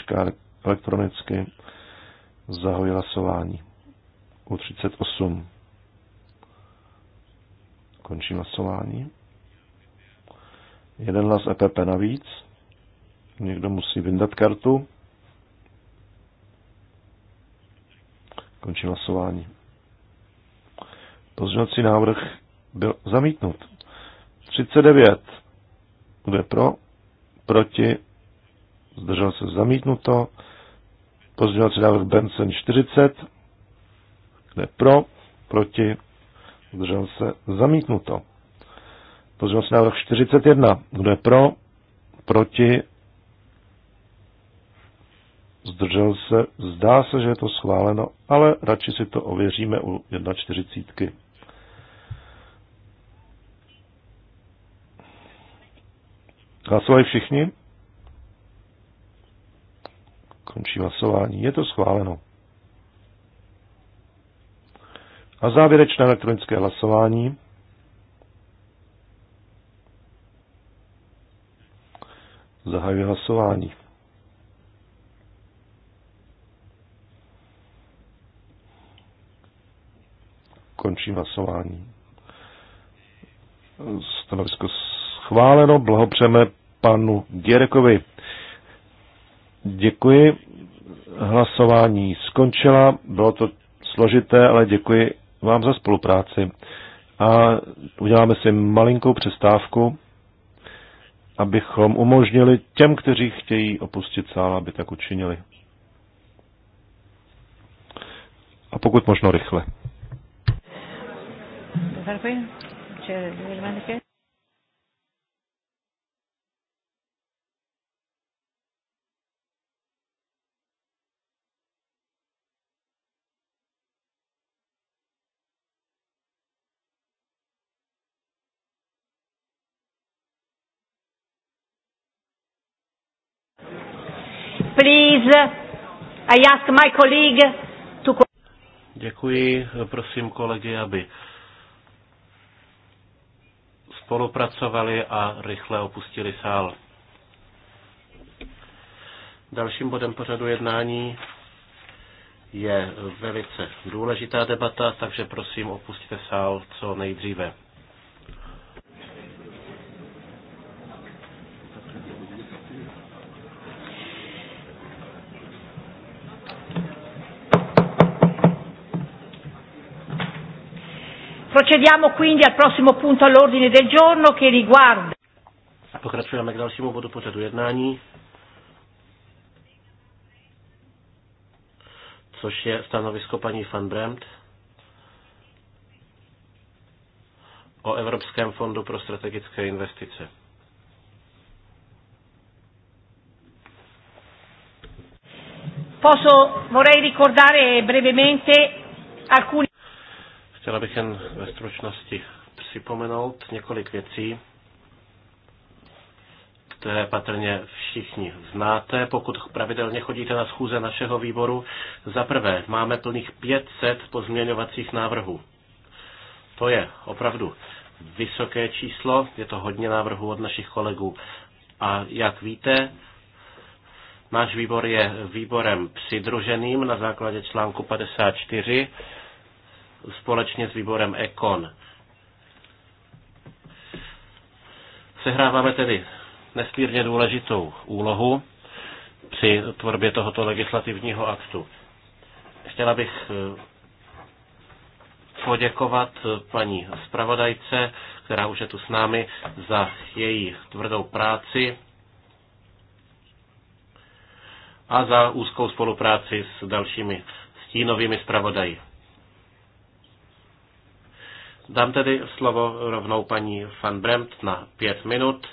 elektronicky zahojí hlasování. U 38. Končím hlasování. Jeden hlas EPP navíc. Někdo musí vyndat kartu. Končím hlasování. Pozměňovací návrh byl zamítnut. 39. Kdo je pro? Proti? Zdržel se zamítnuto. Pozměňovací návrh Benson 40. Kdo je pro? Proti? zdržel se, zamítnuto. se návrh 41. Kdo je pro? Proti? Zdržel se? Zdá se, že je to schváleno, ale radši si to ověříme u 1.40. Hlasovali všichni? Končí hlasování. Je to schváleno. A závěrečné elektronické hlasování. Zahajuji hlasování. Končím hlasování. Stanovisko schváleno. Blahopřeme panu Děrekovi. Děkuji. Hlasování skončila. Bylo to složité, ale děkuji vám za spolupráci a uděláme si malinkou přestávku, abychom umožnili těm, kteří chtějí opustit sál, aby tak učinili. A pokud možno rychle. I ask my colleague to... Děkuji, prosím kolegy, aby spolupracovali a rychle opustili sál. Dalším bodem pořadu jednání je velice důležitá debata, takže prosím opustíte sál co nejdříve. Procediamo quindi al prossimo punto all'ordine del giorno che riguarda. Pokračujeme k dalšímu bodu pořadu jednání, což je stanovisko paní van Bremt o Evropském fondu pro strategické investice. Posso, vorrei ricordare brevemente alcuni Chtěla bych jen ve stručnosti připomenout několik věcí, které patrně všichni znáte, pokud pravidelně chodíte na schůze našeho výboru. Za prvé, máme plných 500 pozměňovacích návrhů. To je opravdu vysoké číslo, je to hodně návrhů od našich kolegů. A jak víte, náš výbor je výborem přidruženým na základě článku 54 společně s výborem ECON. Sehráváme tedy nesmírně důležitou úlohu při tvorbě tohoto legislativního aktu. Chtěla bych eh, poděkovat eh, paní zpravodajce, která už je tu s námi, za její tvrdou práci a za úzkou spolupráci s dalšími stínovými zpravodaji. Dám tedy slovo rovnou paní van Bremt na pět minut,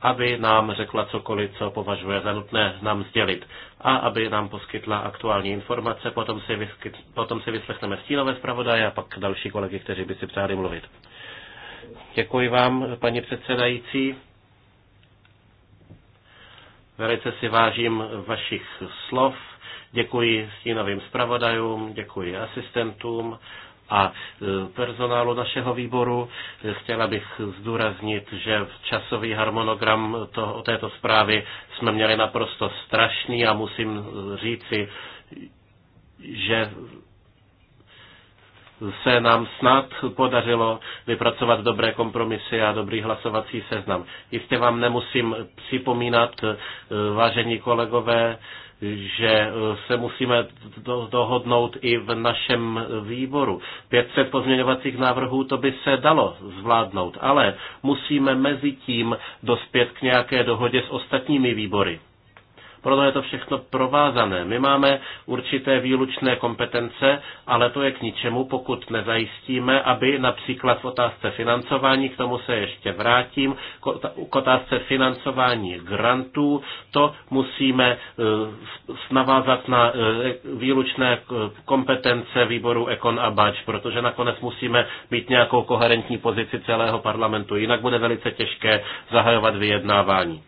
aby nám řekla cokoliv, co považuje za nutné nám sdělit a aby nám poskytla aktuální informace. Potom si, vyskyt, potom si vyslechneme stínové zpravodaje a pak další kolegy, kteří by si přáli mluvit. Děkuji vám, paní předsedající. Velice si vážím vašich slov. Děkuji stínovým zpravodajům, děkuji asistentům a e, personálu našeho výboru. Chtěla bych zdůraznit, že časový harmonogram to, o této zprávy jsme měli naprosto strašný a musím e, říci, že se nám snad podařilo vypracovat dobré kompromisy a dobrý hlasovací seznam. Jistě vám nemusím připomínat, e, vážení kolegové, že eh, se musíme dohodnout i v našem výboru. 500 pozměňovacích návrhů to by se dalo zvládnout, ale musíme mezi tím dospět k nějaké dohodě s ostatními výbory. Proto je to všechno provázané. My máme určité výlučné kompetence, ale to je k ničemu, pokud nezajistíme, aby například v otázce financování, k tomu se ještě vrátím, k otázce financování grantů, to musíme e, navázat na e, výlučné e, kompetence výboru Ekon a Bač, protože nakonec musíme mít nějakou koherentní pozici celého parlamentu, jinak bude velice těžké zahajovat vyjednávání.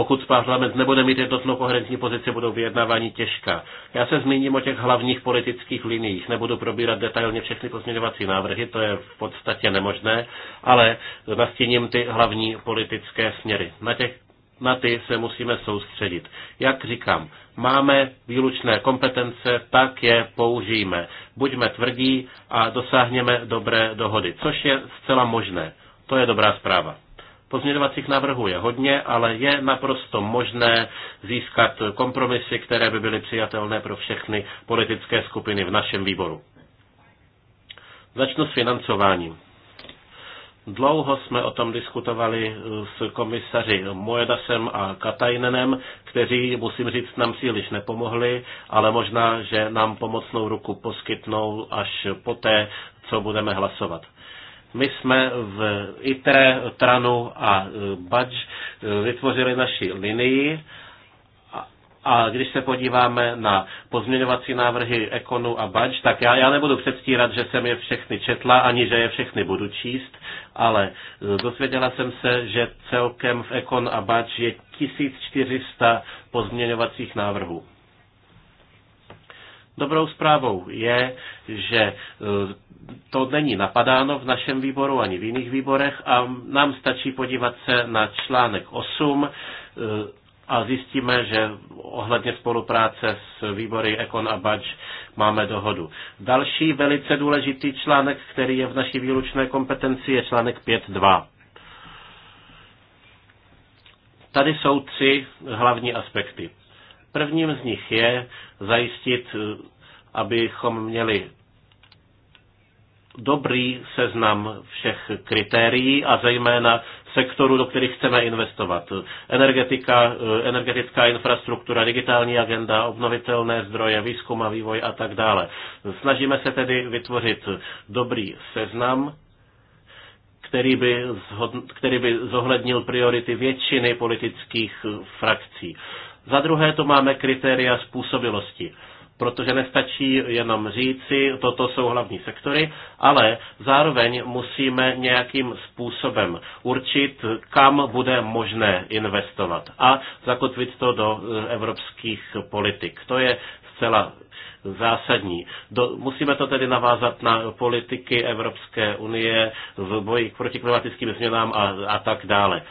Pokud parlament nebude mít jednotnou koherentní pozici, budou vyjednávání těžká. Já se zmíním o těch hlavních politických liniích. Nebudu probírat detailně všechny pozměňovací návrhy, to je v podstatě nemožné, ale nastíním ty hlavní politické směry. Na těch na ty se musíme soustředit. Jak říkám, máme výlučné kompetence, tak je použijeme. Buďme tvrdí a dosáhněme dobré dohody, což je zcela možné. To je dobrá zpráva. Pozměňovacích návrhů je hodně, ale je naprosto možné získat kompromisy, které by byly přijatelné pro všechny politické skupiny v našem výboru. Začnu s financováním. Dlouho jsme o tom diskutovali s komisaři Mojedasem a Katajnenem, kteří, musím říct, nám příliš nepomohli, ale možná, že nám pomocnou ruku poskytnou až poté, co budeme hlasovat. My jsme v ITRE, TRANu a e, BAČ e, vytvořili naši linii a když se podíváme na pozměňovací návrhy Ekonu a Bač, tak já, já nebudu předstírat, že jsem je všechny četla, ani že je všechny budu číst, ale e, dozvěděla jsem se, že celkem v Ekon a Bač je 1400 pozměňovacích návrhů. Dobrou zprávou je, že e, to není napadáno v našem výboru ani v jiných výborech a nám stačí podívat se na článek 8 e, a zjistíme, že ohledně spolupráce s výbory Econ a Bač máme dohodu. Další velice důležitý článek, který je v naší výlučné kompetenci, je článek 5.2. Tady jsou tři hlavní aspekty. Prvním z nich je zajistit, eh, abychom měli dobrý seznam všech kritérií a zejména sektorů, do kterých chceme investovat. Energetika, eh, energetická infrastruktura, digitální agenda, obnovitelné zdroje, výzkum a vývoj a tak dále. Snažíme se tedy vytvořit dobrý seznam, který by, zhodn, který by zohlednil priority většiny politických eh, frakcí. Za druhé tu máme kritéria způsobilosti protože nestačí jenom říci, toto jsou hlavní sektory, ale zároveň musíme nějakým způsobem určit, kam bude možné investovat a zakotvit to do eh, evropských politik. To je zcela zásadní. Do, musíme to tedy navázat na politiky Evropské unie v boji proti klimatickým změnám a, a tak dále.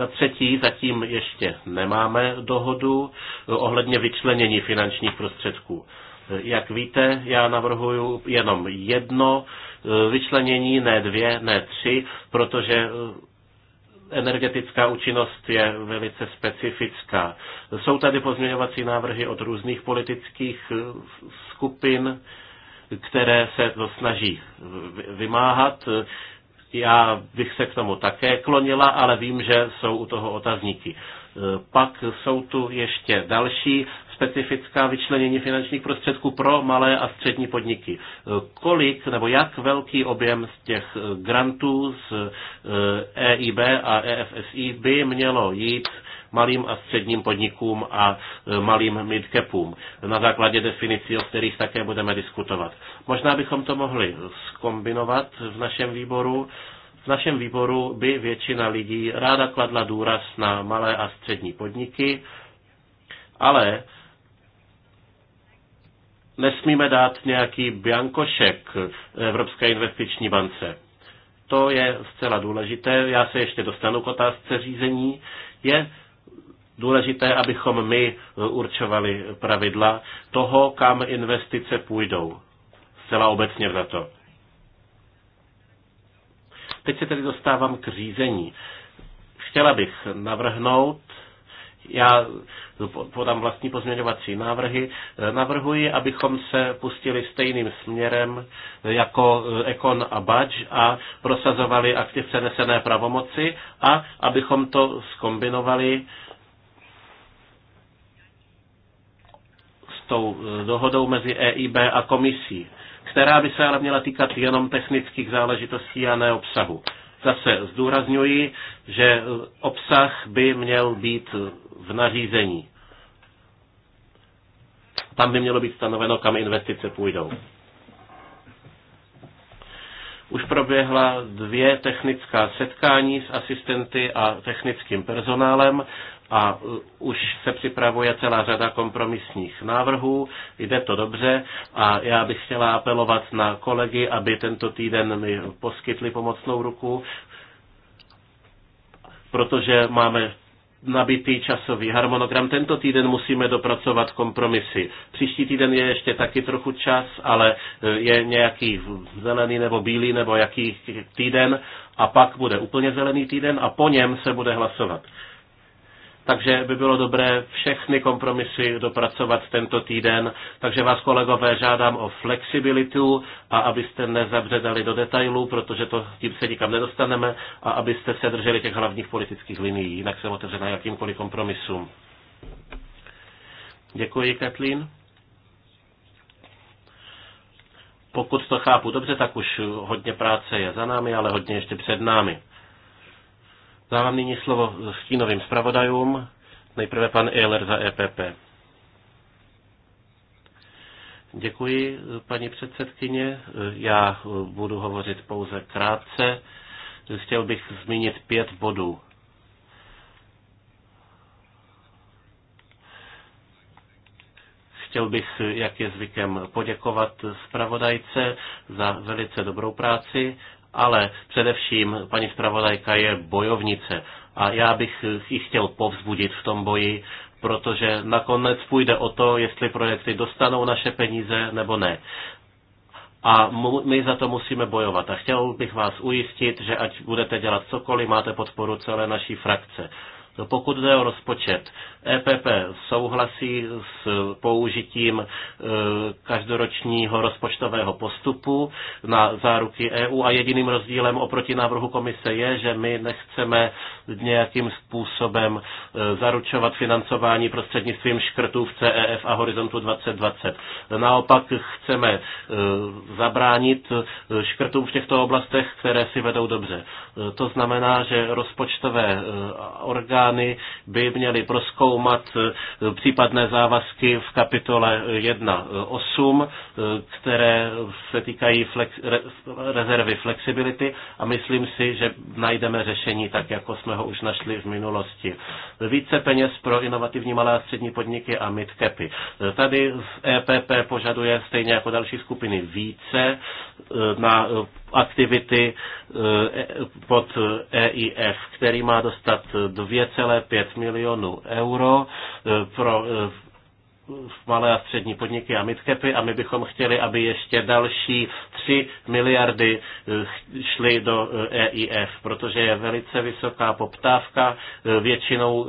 Za třetí, zatím ještě nemáme dohodu eh, ohledně vyčlenění finančních prostředků. Eh, jak víte, já navrhuji jenom jedno eh, vyčlenění, ne dvě, ne tři, protože energetická účinnost je velice specifická. Jsou tady pozměňovací návrhy od různých politických skupin, které se to snaží vymáhat. Já bych se k tomu také klonila, ale vím, že jsou u toho otazníky. E, pak jsou tu ještě další specifická vyčlenění finančních prostředků pro malé a střední podniky. E, kolik nebo jak velký objem z těch e, grantů z EIB a EFSI by mělo jít malým a středním podnikům a e, malým midcapům na základě definicí, o kterých také budeme diskutovat. Možná bychom to mohli skombinovat v našem výboru. V našem výboru by většina lidí ráda kladla důraz na malé a střední podniky, ale nesmíme dát nějaký biankošek Evropské investiční bance. To je zcela důležité, já se ještě dostanu k otázce řízení. Je důležité, abychom my určovali pravidla toho, kam investice půjdou. Zcela obecně za to. Teď se tedy dostávám k řízení. Chtěla bych navrhnout, já podám vlastní pozměňovací návrhy, navrhuji, abychom se pustili stejným směrem jako Ekon a Badge a prosazovali aktiv přenesené pravomoci a abychom to skombinovali tou eh, dohodou mezi EIB a komisí, která by se ale měla týkat jenom technických záležitostí a ne obsahu. Zase zdůrazňuji, že eh, obsah by měl být eh, v nařízení. Tam by mělo být stanoveno, kam investice půjdou. Už proběhla dvě technická setkání s asistenty a technickým personálem a uh, už se připravuje celá řada kompromisních návrhů, jde to dobře a já bych chtěla apelovat na kolegy, aby tento týden mi poskytli pomocnou ruku, protože máme nabitý časový harmonogram. Tento týden musíme dopracovat kompromisy. Příští týden je ještě taky trochu čas, ale uh, je nějaký zelený nebo bílý nebo jaký týden a pak bude úplně zelený týden a po něm se bude hlasovat takže by bylo dobré všechny kompromisy dopracovat tento týden. Takže vás, kolegové, žádám o flexibilitu a abyste nezabředali do detailů, protože to tím se nikam nedostaneme a abyste se drželi těch hlavních politických linií, jinak jsem otevřena jakýmkoliv kompromisům. Děkuji, Katlín. Pokud to chápu dobře, tak už hodně práce je za námi, ale hodně ještě před námi. Dávám nyní slovo stínovým zpravodajům. Nejprve pan Ehler za EPP. Děkuji, paní předsedkyně. Já budu hovořit pouze krátce. Chtěl bych zmínit pět bodů. Chtěl bych, jak je zvykem, poděkovat zpravodajce za velice dobrou práci ale především paní zpravodajka je bojovnice a já bych ji chtěl povzbudit v tom boji, protože nakonec půjde o to, jestli projekty dostanou naše peníze nebo ne. A my za to musíme bojovat. A chtěl bych vás ujistit, že ať budete dělat cokoliv, máte podporu celé naší frakce. No pokud jde o rozpočet, EPP souhlasí s použitím e, každoročního rozpočtového postupu na záruky EU a jediným rozdílem oproti návrhu komise je, že my nechceme nějakým způsobem e, zaručovat financování prostřednictvím škrtů v CEF a Horizontu 2020. Naopak chceme e, zabránit škrtům v těchto oblastech, které si vedou dobře. To znamená, že rozpočtové orgány by měly proskoumat zkoumat eh, případné závazky v kapitole 1.8, eh, eh, které se týkají flex, re, rezervy flexibility a myslím si, že najdeme řešení tak, jako jsme ho už našli v minulosti. Více peněz pro inovativní malé a střední podniky a midcapy. Tady EPP požaduje stejně jako další skupiny více na aktivity eh, pod EIF, který má dostat 2,5 milionů euro eh, pro eh, malé a střední podniky a midcapy a my bychom chtěli, aby ještě další 3 miliardy šly do EIF, e protože je velice vysoká poptávka. Většinou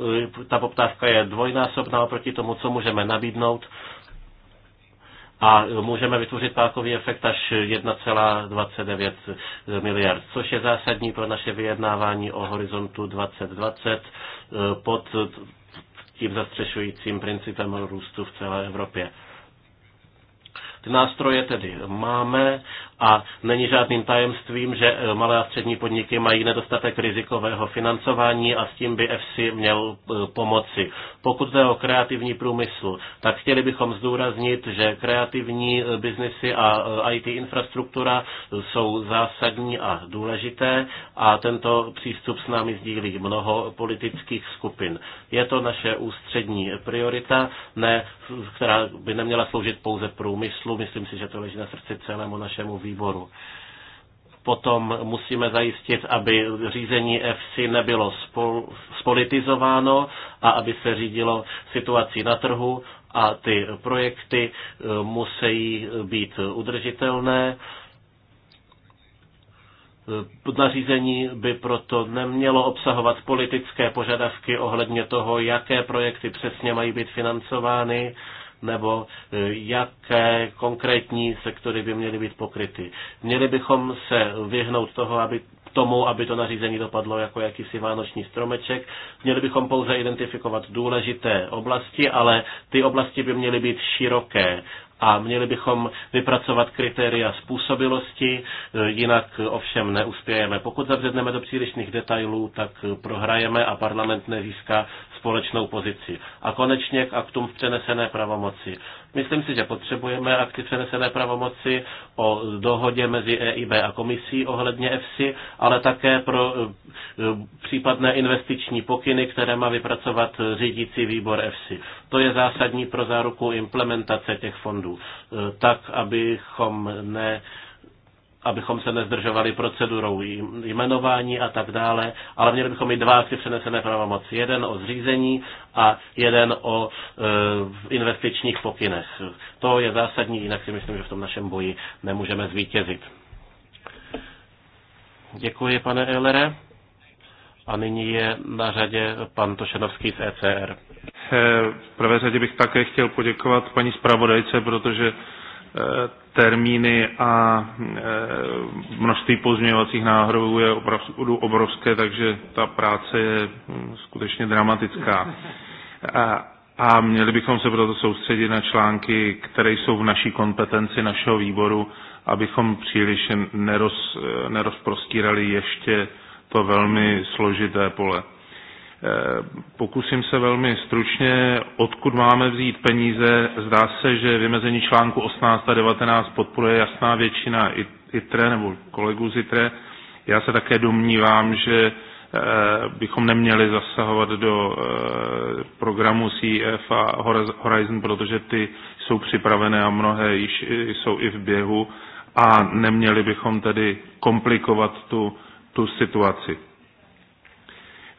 ta poptávka je dvojnásobná oproti tomu, co můžeme nabídnout a můžeme vytvořit pákový efekt až 1,29 miliard, což je zásadní pro naše vyjednávání o horizontu 2020 eh, pod tím zastřešujícím principem růstu v celé Evropě. Ty nástroje tedy máme, a není žádným tajemstvím, že eh, malé a střední podniky mají nedostatek rizikového financování a s tím by EFSI měl eh, pomoci. Pokud jde o kreativní průmysl, tak chtěli bychom zdůraznit, že kreativní eh, biznesy a IT infrastruktura jsou zásadní a důležité a tento přístup s námi sdílí mnoho politických skupin. Je to naše ústřední priorita, ne, která by neměla sloužit pouze průmyslu. Myslím si, že to leží na srdci celému našemu výboru výboru. Potom musíme zajistit, aby řízení EFSI nebylo spolitizováno a aby se řídilo situací na trhu a ty projekty e, musí být udržitelné. E, nařízení by proto nemělo obsahovat politické požadavky ohledně toho, jaké projekty přesně mají být financovány nebo e, jaké konkrétní sektory by měly být pokryty. Měli bychom se vyhnout toho, aby tomu, aby to nařízení dopadlo jako jakýsi vánoční stromeček. Měli bychom pouze identifikovat důležité oblasti, ale ty oblasti by měly být široké a měli bychom vypracovat kritéria způsobilosti, e, jinak ovšem neuspějeme. Pokud zavředneme do přílišných detailů, tak prohrajeme a parlament nezíská společnou pozici. A konečně k aktům v přenesené pravomoci. Myslím si, že potřebujeme akty přenesené pravomoci o dohodě mezi EIB a komisí ohledně EFSI, ale také pro eh, případné investiční pokyny, které má vypracovat řídící výbor EFSI. To je zásadní pro záruku implementace těch fondů, eh, tak abychom ne abychom se nezdržovali procedurou jmenování a tak dále, ale měli bychom mít dva asi přenesené pravomoci. Jeden o zřízení a jeden o e, investičních pokynech. To je zásadní, jinak si myslím, že v tom našem boji nemůžeme zvítězit. Děkuji, pane Ehlere. A nyní je na řadě pan Tošenovský z ECR. Eh, v prvé řadě bych také chtěl poděkovat paní zpravodajce, protože eh, termíny a e, množství pozměňovacích návrhů je opravdu obrovské, takže ta práce je hm, skutečně dramatická. A, a měli bychom se proto soustředit na články, které jsou v naší kompetenci našeho výboru, abychom příliš neroz, e, nerozprostírali ještě to velmi složité pole. Eh, pokusím se velmi stručně, odkud máme vzít peníze. Zdá se, že vymezení článku 18 a 19 podporuje jasná většina ITRE nebo kolegů z ITRE. Já se také domnívám, že eh, bychom neměli zasahovat do eh, programu CEF a Horizon, protože ty jsou připravené a mnohé již jsou i v běhu a neměli bychom tedy komplikovat tu, tu situaci.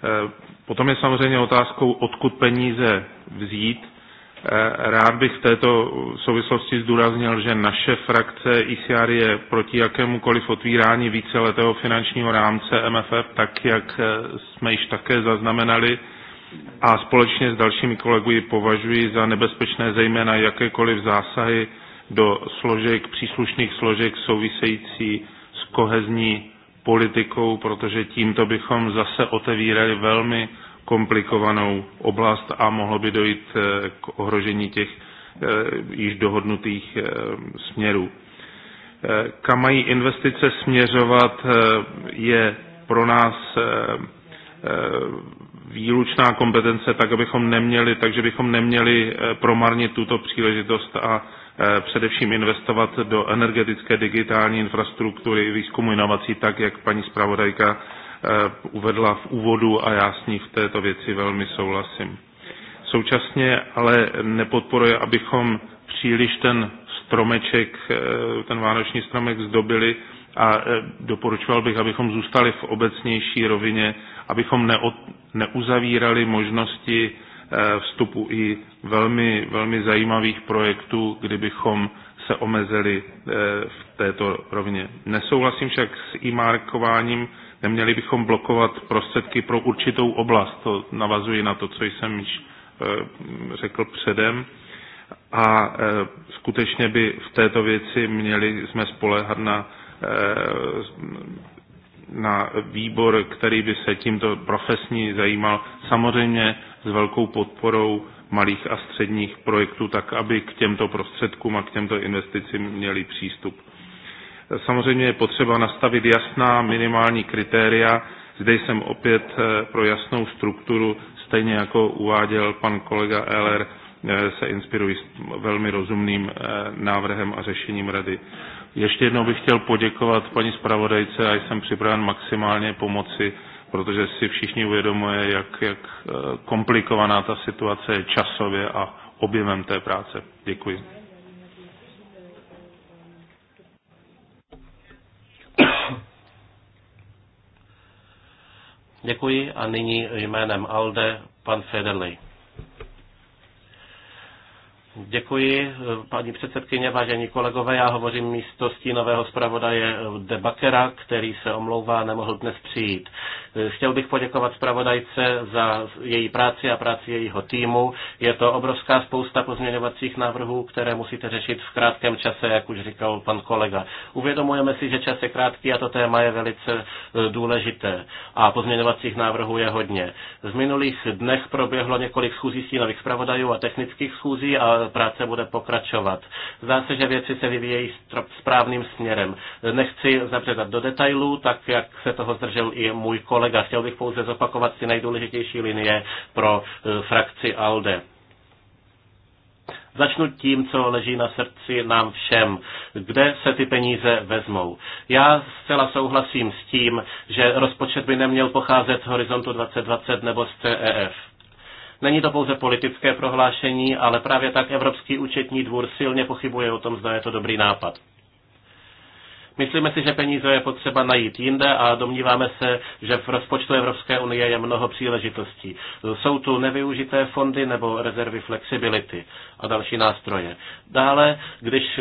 Eh, potom je samozřejmě otázkou, odkud peníze vzít. Eh, rád bych v této souvislosti zdůraznil, že naše frakce ICR je proti jakémukoliv otvírání víceletého finančního rámce MFF, tak jak eh, jsme již také zaznamenali a společně s dalšími kolegy považuji za nebezpečné zejména jakékoliv zásahy do složek, příslušných složek související s kohezní politikou, protože tímto bychom zase otevírali velmi komplikovanou oblast a mohlo by dojít eh, k ohrožení těch eh, již dohodnutých eh, směrů. Kam mají investice směřovat, je pro nás výlučná kompetence, tak abychom neměli, takže bychom neměli promarnit tuto příležitost a Eh, především investovat do energetické digitální infrastruktury, výzkumu inovací, tak jak paní zpravodajka eh, uvedla v úvodu a já s ní v této věci velmi souhlasím. Současně ale nepodporuje, abychom příliš ten stromeček, eh, ten vánoční stromek zdobili a doporučoval bych, abychom zůstali v obecnější rovině, abychom neuzavírali možnosti Eh, vstupu i velmi, velmi zajímavých projektů, kdybychom se omezili eh, v této rovně. Nesouhlasím však s e-markováním, neměli bychom blokovat prostředky pro určitou oblast, to navazuji na to, co jsem již eh, řekl předem. A skutečně by v této věci měli jsme spolehat na na výbor, který by se tímto profesně zajímal, samozřejmě s velkou podporou malých a středních projektů, tak aby k těmto prostředkům a k těmto investicím měli přístup. Samozřejmě je potřeba nastavit jasná minimální kritéria. Zde jsem opět eh, pro jasnou strukturu, stejně jako uváděl pan kolega Eller, eh, se inspirují velmi rozumným eh, návrhem a řešením rady. Ještě jednou bych chtěl poděkovat paní zpravodajce a jsem připraven maximálně pomoci, protože si všichni uvědomuje, jak, jak eh, komplikovaná ta situace je časově a objemem té práce. Děkuji. Děkuji a nyní jménem ALDE pan Federley. Děkuji, paní předsedkyně, vážení kolegové. Já hovořím místo stínového zpravodaje Debakera, který se omlouvá, nemohl dnes přijít. Chtěl bych poděkovat zpravodajce za její práci a práci jejího týmu. Je to obrovská spousta pozměňovacích návrhů, které musíte řešit v krátkém čase, jak už říkal pan kolega. Uvědomujeme si, že čas je krátký a to téma je velice e, důležité a pozměňovacích návrhů je hodně. V minulých dnech proběhlo několik schůzí stínových zpravodajů a technických schůzí a práce bude pokračovat. Zdá se, že věci se vyvíjejí správným směrem. Nechci zabředat do detailů, tak jak se toho zdržel i můj kolega kolega. Chtěl bych pouze zopakovat ty nejdůležitější linie pro eh, frakci ALDE. Začnu tím, co leží na srdci nám všem. Kde se ty peníze vezmou? Já zcela souhlasím s tím, že rozpočet by neměl pocházet z Horizontu 2020 nebo z CEF. Není to pouze politické prohlášení, ale právě tak Evropský účetní dvůr silně pochybuje o tom, zda je to dobrý nápad. Myslíme si, že peníze je potřeba najít jinde a domníváme se, že v rozpočtu Evropské unie je mnoho příležitostí. Jsou tu nevyužité fondy nebo rezervy flexibility a další nástroje. Dále, když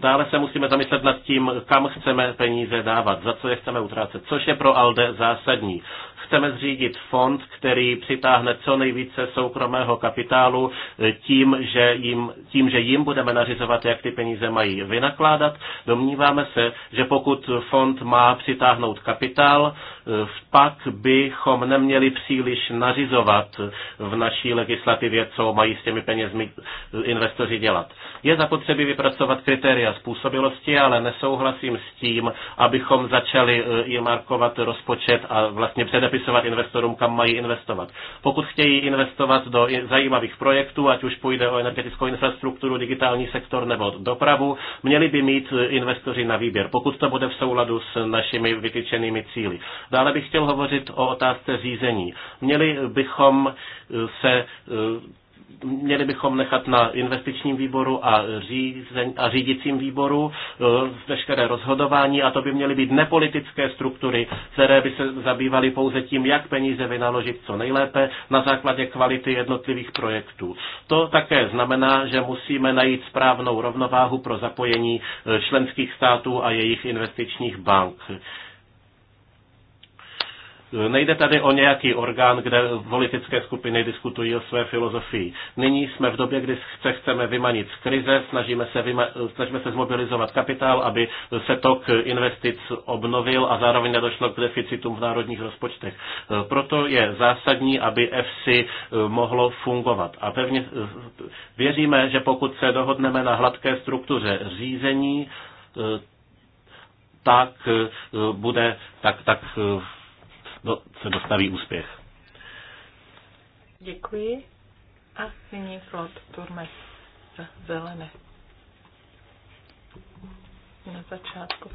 dále se musíme zamyslet nad tím, kam chceme peníze dávat, za co je chceme utrácet, což je pro ALDE zásadní. Chceme zřídit fond, který přitáhne co nejvíce soukromého kapitálu eh, tím, že jim, tím, že jim budeme nařizovat, jak ty peníze mají vynakládat. Domníváme se, že pokud fond má přitáhnout kapitál, eh, pak bychom neměli příliš nařizovat v naší legislativě, co mají s těmi penězmi investoři dělat. Je zapotřebí vypracovat kritérium kritéria způsobilosti, ale nesouhlasím s tím, abychom začali i eh, markovat rozpočet a vlastně předepisovat investorům, kam mají investovat. Pokud chtějí investovat do zajímavých projektů, ať už půjde o energetickou infrastrukturu, digitální sektor nebo dopravu, měli by mít eh, investoři na výběr, pokud to bude v souladu s našimi vytyčenými cíli. Dále bych chtěl hovořit o otázce řízení. Měli bychom eh, se měli bychom nechat na investičním výboru a, řízen, a řídicím výboru e, veškeré rozhodování a to by měly být nepolitické struktury, které by se zabývaly pouze tím, jak peníze vynaložit co nejlépe na základě kvality jednotlivých projektů. To také znamená, že musíme najít správnou rovnováhu pro zapojení e, členských států a jejich investičních bank. Nejde tady o nějaký orgán, kde politické skupiny diskutují o své filozofii. Nyní jsme v době, kdy se chceme vymanit z krize, snažíme se, vyma- snažíme se zmobilizovat kapitál, aby se tok investic obnovil a zároveň nedošlo k deficitům v národních rozpočtech. Proto je zásadní, aby EFSI mohlo fungovat. A pevně věříme, že pokud se dohodneme na hladké struktuře řízení, tak bude, tak, tak do, se dostaví úspěch. Děkuji. A nyní Klod Turmes zelené. Na začátku.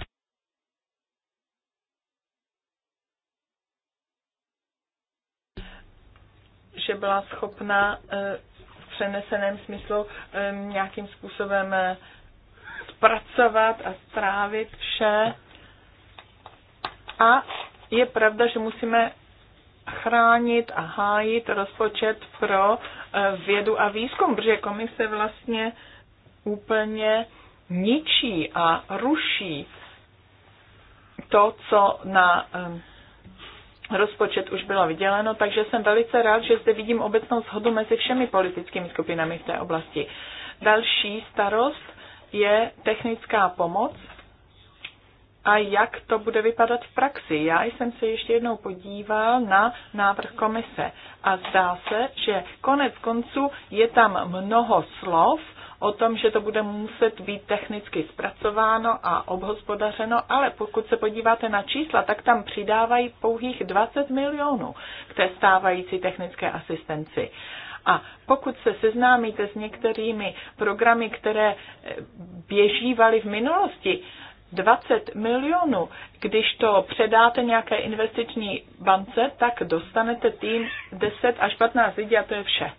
Že byla schopna eh, v přeneseném smyslu eh, nějakým způsobem eh, zpracovat a strávit vše a je pravda, že musíme chránit a hájit rozpočet pro eh, vědu a výzkum, protože komise vlastně úplně ničí a ruší to, co na eh, rozpočet už bylo vyděleno, takže jsem velice rád, že zde vidím obecnou shodu mezi všemi politickými skupinami v té oblasti. Další starost je technická pomoc a jak to bude vypadat v praxi. Já jsem se ještě jednou podíval na návrh komise a zdá se, že konec konců je tam mnoho slov, o tom, že to bude muset být technicky zpracováno a obhospodařeno, ale pokud se podíváte na čísla, tak tam přidávají pouhých 20 milionů k té stávající technické asistenci. A pokud se seznámíte s některými programy, které běžívaly v minulosti, 20 milionů. Když to předáte nějaké investiční bance, tak dostanete tým 10 až 15 lidí a to je vše.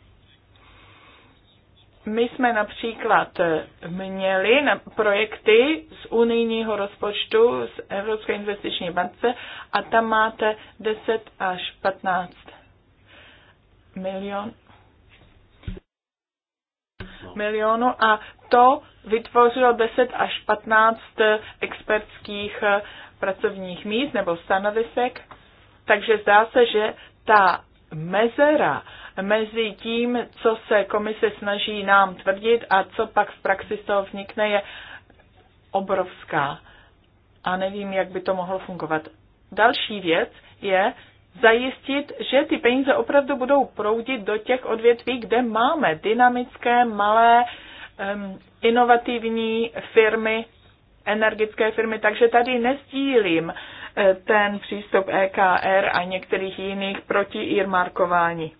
My jsme například měli na projekty z unijního rozpočtu, z Evropské investiční bance a tam máte 10 až 15 milion no. milionů a to vytvořilo 10 až 15 eh, expertských eh, pracovních míst nebo stanovisek, takže zdá se, že ta mezera mezi tím, co se komise snaží nám tvrdit a co pak v praxi z toho vznikne, je obrovská. A nevím, jak by to mohlo fungovat. Další věc je zajistit, že ty peníze opravdu budou proudit do těch odvětví, kde máme dynamické malé uh, inovativní firmy, energické firmy, takže tady nestílím eh, ten přístup EKR a některých jiných proti irmarkování.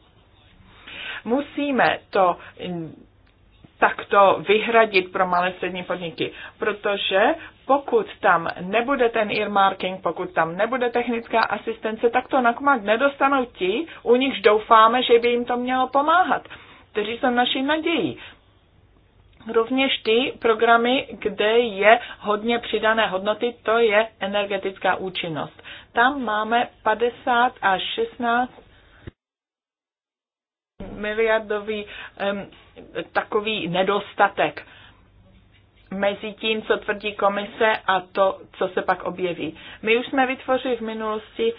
Musíme to mm, takto vyhradit pro malé střední podniky, protože pokud tam nebude ten earmarking, pokud tam nebude technická asistence, tak to nakonec nedostanou ti, u nichž doufáme, že by jim to mělo pomáhat, kteří jsou naší nadějí rovněž ty programy, kde je hodně přidané hodnoty, to je energetická účinnost. Tam máme 50 až 16 miliardový um, takový nedostatek mezi tím, co tvrdí komise a to, co se pak objeví. My už jsme vytvořili v minulosti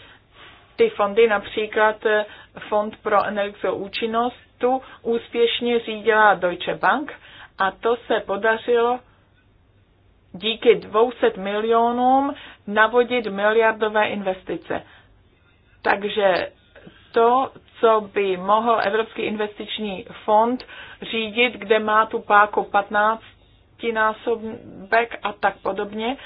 ty fondy, například eh, Fond pro energetickou účinnost, tu úspěšně řídila Deutsche Bank a to se podařilo díky 200 milionům navodit miliardové investice. Takže to, co by mohl Evropský investiční fond řídit, kde má tu páku 15 násobek a tak podobně,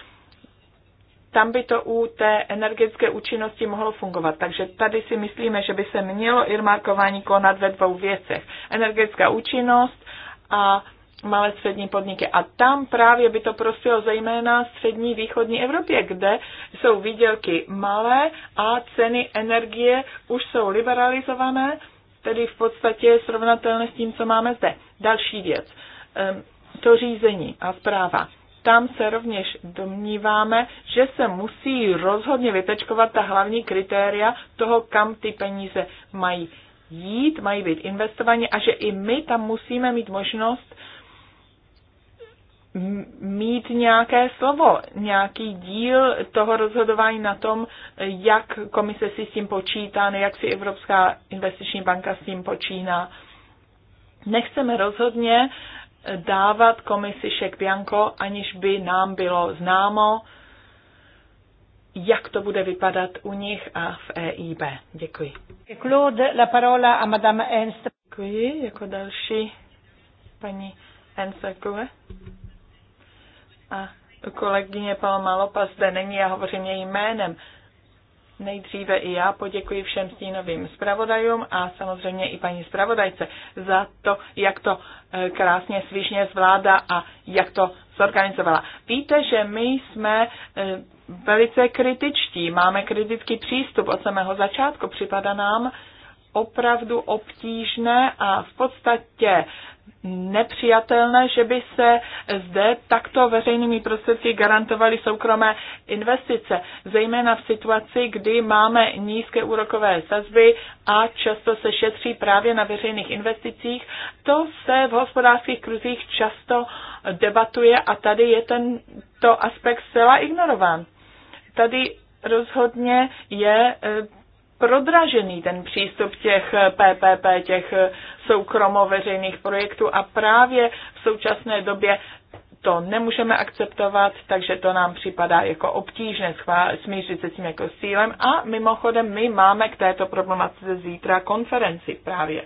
tam by to u té energetické účinnosti mohlo fungovat. Takže tady si myslíme, že by se mělo irmarkování konat ve dvou věcech. Energetická účinnost a malé střední podniky. A tam právě by to prosilo zejména střední východní Evropě, kde jsou výdělky malé a ceny energie už jsou liberalizované, tedy v podstatě srovnatelné s tím, co máme zde. Další věc, ehm, to řízení a zpráva. Tam se rovněž domníváme, že se musí rozhodně vytečkovat ta hlavní kritéria toho, kam ty peníze mají jít, mají být investovaní a že i my tam musíme mít možnost mít nějaké slovo, nějaký díl toho rozhodování na tom, jak komise si s tím počítá, jak si Evropská investiční banka s tím počíná. Nechceme rozhodně dávat komisi šek bianko, aniž by nám bylo známo, jak to bude vypadat u nich a v EIB. Děkuji. Claude, la parola a madame Ernst. Děkuji. Jako další paní Ernst a kolegyně Palma Lopa zde není, já hovořím jejím jménem. Nejdříve i já poděkuji všem stínovým zpravodajům a samozřejmě i paní zpravodajce za to, jak to eh, krásně svižně zvládá a jak to zorganizovala. Víte, že my jsme eh, velice kritičtí, máme kritický přístup od samého začátku. Připadá nám opravdu obtížné a v podstatě nepřijatelné, že by se zde takto veřejnými prostředky garantovaly soukromé investice, zejména v situaci, kdy máme nízké úrokové sazby a často se šetří právě na veřejných investicích. To se v hospodářských kruzích často debatuje a tady je tento aspekt zcela ignorován. Tady rozhodně je eh, prodražený ten přístup těch PPP, těch soukromoveřejných projektů a právě v současné době to nemůžeme akceptovat, takže to nám připadá jako obtížné smířit se s tím jako sílem. A mimochodem my máme k této problematice zítra konferenci právě.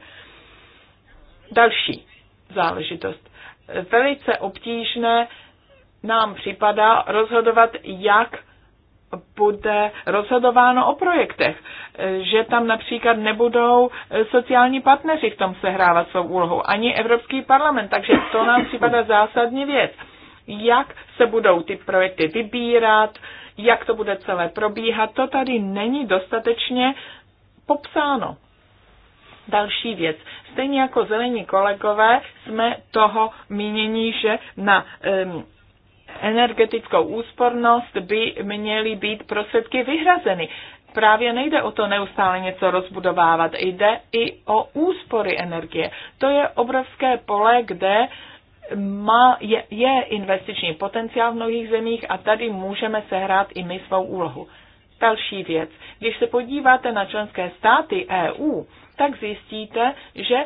Další záležitost. Velice obtížné nám připadá rozhodovat, jak bude rozhodováno o projektech, že tam například nebudou e, sociální partneři v tom sehrávat svou úlohu, ani Evropský parlament, takže to nám připadá zásadní věc. Jak se budou ty projekty vybírat, jak to bude celé probíhat, to tady není dostatečně popsáno. Další věc. Stejně jako zelení kolegové jsme toho mínění, že na um, energetickou úspornost by měly být prostředky vyhrazeny. Právě nejde o to neustále něco rozbudovávat, jde i o úspory energie. To je obrovské pole, kde má, je, je investiční potenciál v mnohých zemích a tady můžeme sehrát i my svou úlohu. Další věc. Když se podíváte na členské státy EU, tak zjistíte, že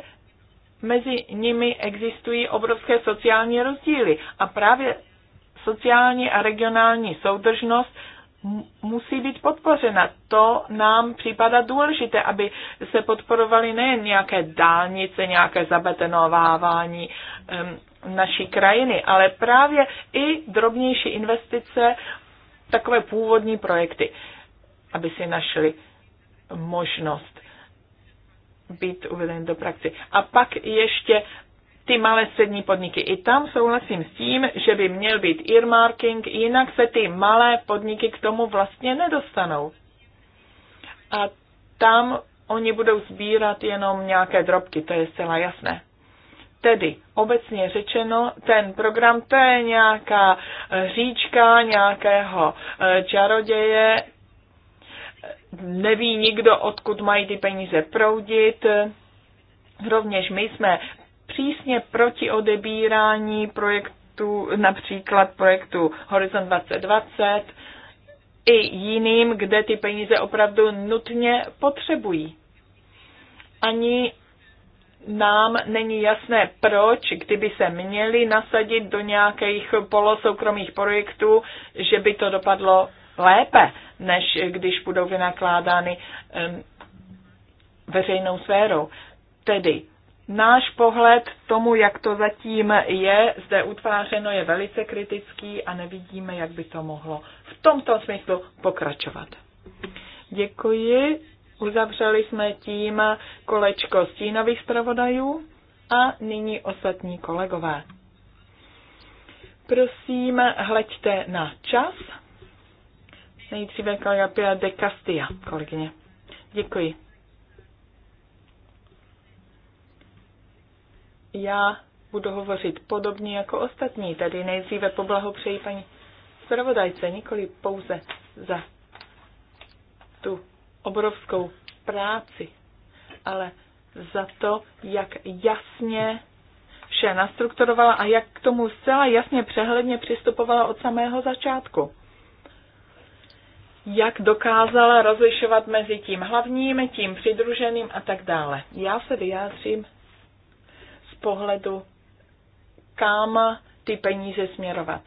mezi nimi existují obrovské sociální rozdíly a právě sociální a regionální soudržnost musí být podpořena. To nám připadá důležité, aby se podporovaly nejen nějaké dálnice, nějaké zabetenovávání um, naší krajiny, ale právě i drobnější investice, takové původní projekty, aby si našli možnost být uveden do praxi. A pak ještě ty malé střední podniky. I tam souhlasím s tím, že by měl být earmarking, jinak se ty malé podniky k tomu vlastně nedostanou. A tam oni budou sbírat jenom nějaké drobky, to je zcela jasné. Tedy obecně řečeno, ten program to je nějaká eh, říčka nějakého eh, čaroděje, neví nikdo, odkud mají ty peníze proudit. Rovněž my jsme přísně proti odebírání projektu, například projektu Horizon 2020 i jiným, kde ty peníze opravdu nutně potřebují. Ani nám není jasné, proč, kdyby se měli nasadit do nějakých polosoukromých projektů, že by to dopadlo lépe, než když budou vynakládány um, veřejnou sférou. Tedy Náš pohled tomu, jak to zatím je zde utvářeno, je velice kritický a nevidíme, jak by to mohlo v tomto smyslu pokračovat. Děkuji. Uzavřeli jsme tím kolečko stínových zpravodajů a nyní ostatní kolegové. Prosím, hleďte na čas. Nejdříve kolega Pia de Castilla, kolegyně. Děkuji. Já budu hovořit podobně jako ostatní, tedy nejdříve poblahopřeji paní zpravodajce, nikoli pouze za tu obrovskou práci, ale za to, jak jasně vše nastrukturovala a jak k tomu zcela jasně přehledně přistupovala od samého začátku. Jak dokázala rozlišovat mezi tím hlavním, tím přidruženým a tak dále. Já se vyjádřím pohledu, kam ty peníze směrovat,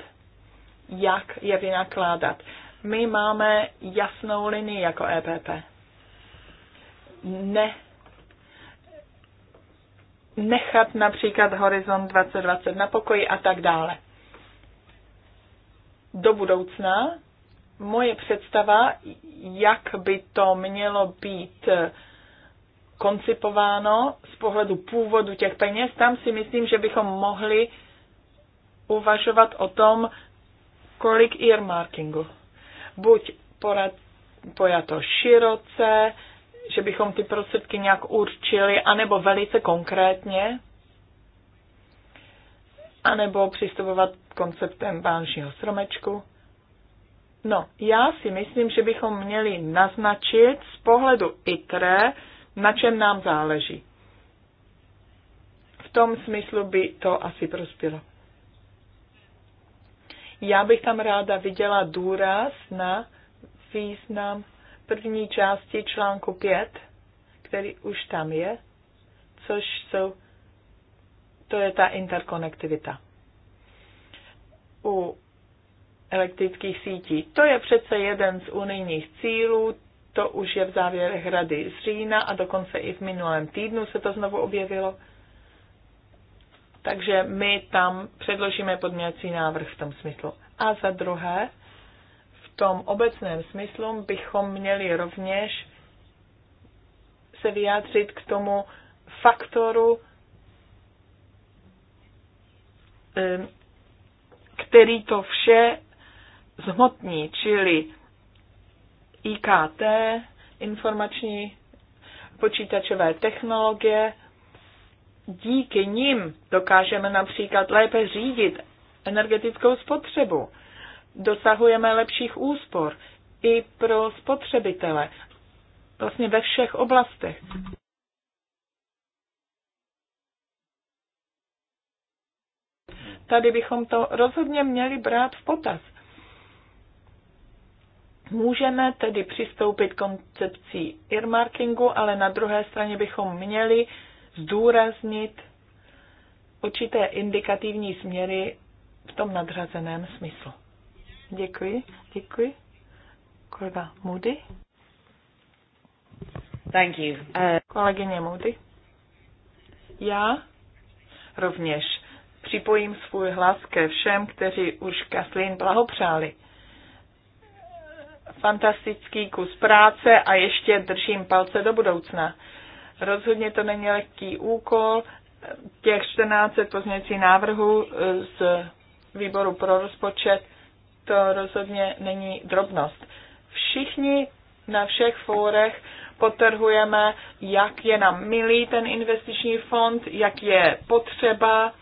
jak je vynakládat. My máme jasnou linii jako EPP. Ne nechat například Horizont 2020 na pokoji a tak dále. Do budoucna moje představa, jak by to mělo být koncipováno z pohledu původu těch peněz, tam si myslím, že bychom mohli uvažovat o tom, kolik earmarkingu. Buď porad, pojato široce, že bychom ty prostředky nějak určili, anebo velice konkrétně, anebo přistupovat konceptem vánočního stromečku. No, já si myslím, že bychom měli naznačit z pohledu ITRE, na čem nám záleží. V tom smyslu by to asi prospělo. Já bych tam ráda viděla důraz na význam první části článku 5, který už tam je, což jsou, to je ta interkonektivita. U elektrických sítí. To je přece jeden z unijních cílů, to už je v závěrech rady z října a dokonce i v minulém týdnu se to znovu objevilo. Takže my tam předložíme podměnací návrh v tom smyslu. A za druhé, v tom obecném smyslu bychom měli rovněž se vyjádřit k tomu faktoru, eh, který to vše zhmotní, čili IKT, informační počítačové technologie. Díky nim dokážeme například lépe řídit energetickou spotřebu. Dosahujeme lepších úspor i pro spotřebitele, vlastně ve všech oblastech. Tady bychom to rozhodně měli brát v potaz Můžeme tedy přistoupit k koncepcí earmarkingu, ale na druhé straně bychom měli zdůraznit určité indikativní směry v tom nadřazeném smyslu. Děkuji, děkuji. Kolega Moody. Thank you. Uh... Kolegyně Moody. Já rovněž připojím svůj hlas ke všem, kteří už Kathleen blahopřáli fantastický kus práce a ještě držím palce do budoucna. Rozhodně to není lehký úkol. Těch 14 pozměňovacích návrhů eh, z výboru pro rozpočet to rozhodně není drobnost. Všichni na všech fórech potrhujeme, jak je nám milý ten investiční fond, jak je potřeba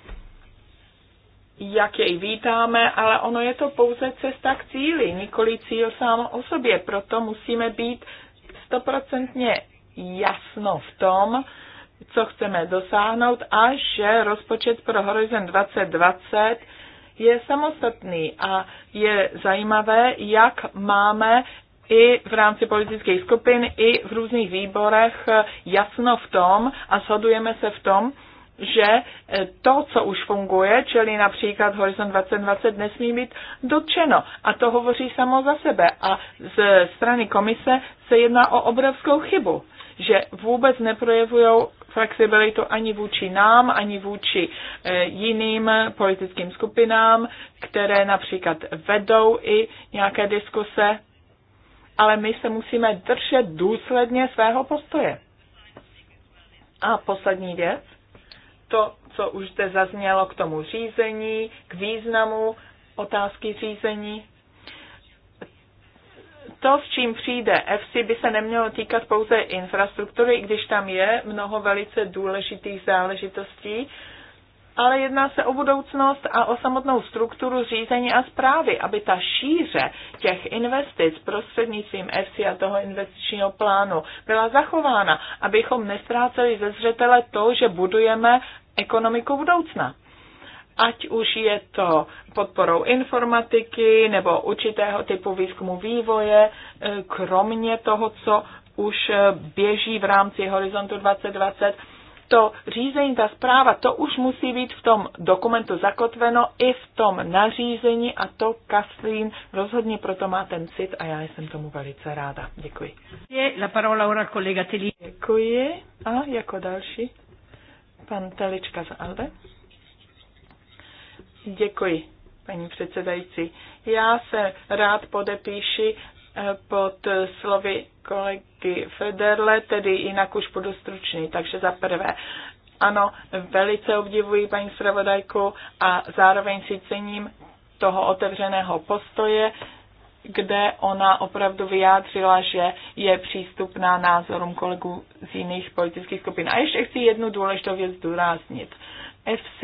jak jej vítáme, ale ono je to pouze cesta k cíli, nikoli cíl sám o sobě. Proto musíme být stoprocentně jasno v tom, co chceme dosáhnout a že rozpočet pro Horizon 2020 je samostatný a je zajímavé, jak máme i v rámci politických skupin, i v různých výborech jasno v tom a shodujeme se v tom, že eh, to, co už funguje, čili například Horizon 2020, nesmí být dotčeno. A to hovoří samo za sebe. A z strany komise se jedná o obrovskou chybu, že vůbec neprojevují flexibilitu ani vůči nám, ani vůči eh, jiným politickým skupinám, které například vedou i nějaké diskuse, ale my se musíme držet důsledně svého postoje. A poslední věc, to, co už zde zaznělo k tomu řízení, k významu otázky řízení. To, s čím přijde FC, by se nemělo týkat pouze infrastruktury, když tam je mnoho velice důležitých záležitostí, ale jedná se o budoucnost a o samotnou strukturu řízení a zprávy, aby ta šíře těch investic prostřednictvím EFSI a toho investičního plánu byla zachována, abychom nestráceli ze zřetele to, že budujeme ekonomiku budoucna ať už je to podporou informatiky nebo určitého typu výzkumu vývoje, e, kromě toho, co už e, běží v rámci Horizontu 2020, to řízení, ta zpráva, to už musí být v tom dokumentu zakotveno i v tom nařízení a to Kathleen rozhodně proto má ten cit a já jsem tomu velice ráda. Děkuji. Je la parola ora kolega Teli. Děkuji. A jako další pan Telička z Alde. Děkuji, paní předsedající. Já se rád podepíši pod slovy kolegy Federle, tedy jinak už budu stručný. Takže za prvé, ano, velice obdivuji paní zpravodajku a zároveň si cením toho otevřeného postoje, kde ona opravdu vyjádřila, že je přístupná názorům kolegů z jiných politických skupin. A ještě chci jednu důležitou věc zdůraznit. FC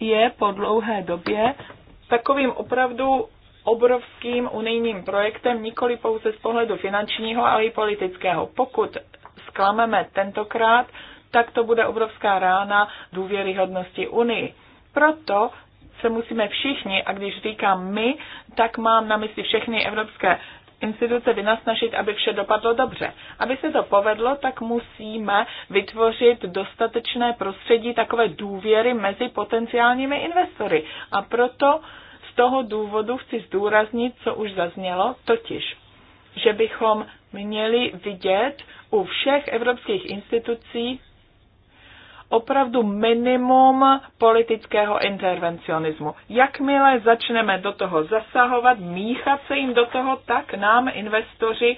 je po dlouhé době takovým opravdu obrovským unijním projektem, nikoli pouze z pohledu finančního, ale i politického. Pokud zklameme tentokrát, tak to bude obrovská rána důvěryhodnosti Unii. Proto se musíme všichni, a když říkám my, tak mám na mysli všechny evropské instituce vynasnažit, aby vše dopadlo dobře. Aby se to povedlo, tak musíme vytvořit dostatečné prostředí takové důvěry mezi potenciálními investory. A proto toho důvodu chci zdůraznit, co už zaznělo, totiž, že bychom měli vidět u všech evropských institucí opravdu minimum politického intervencionismu. Jakmile začneme do toho zasahovat, míchat se jim do toho, tak nám investoři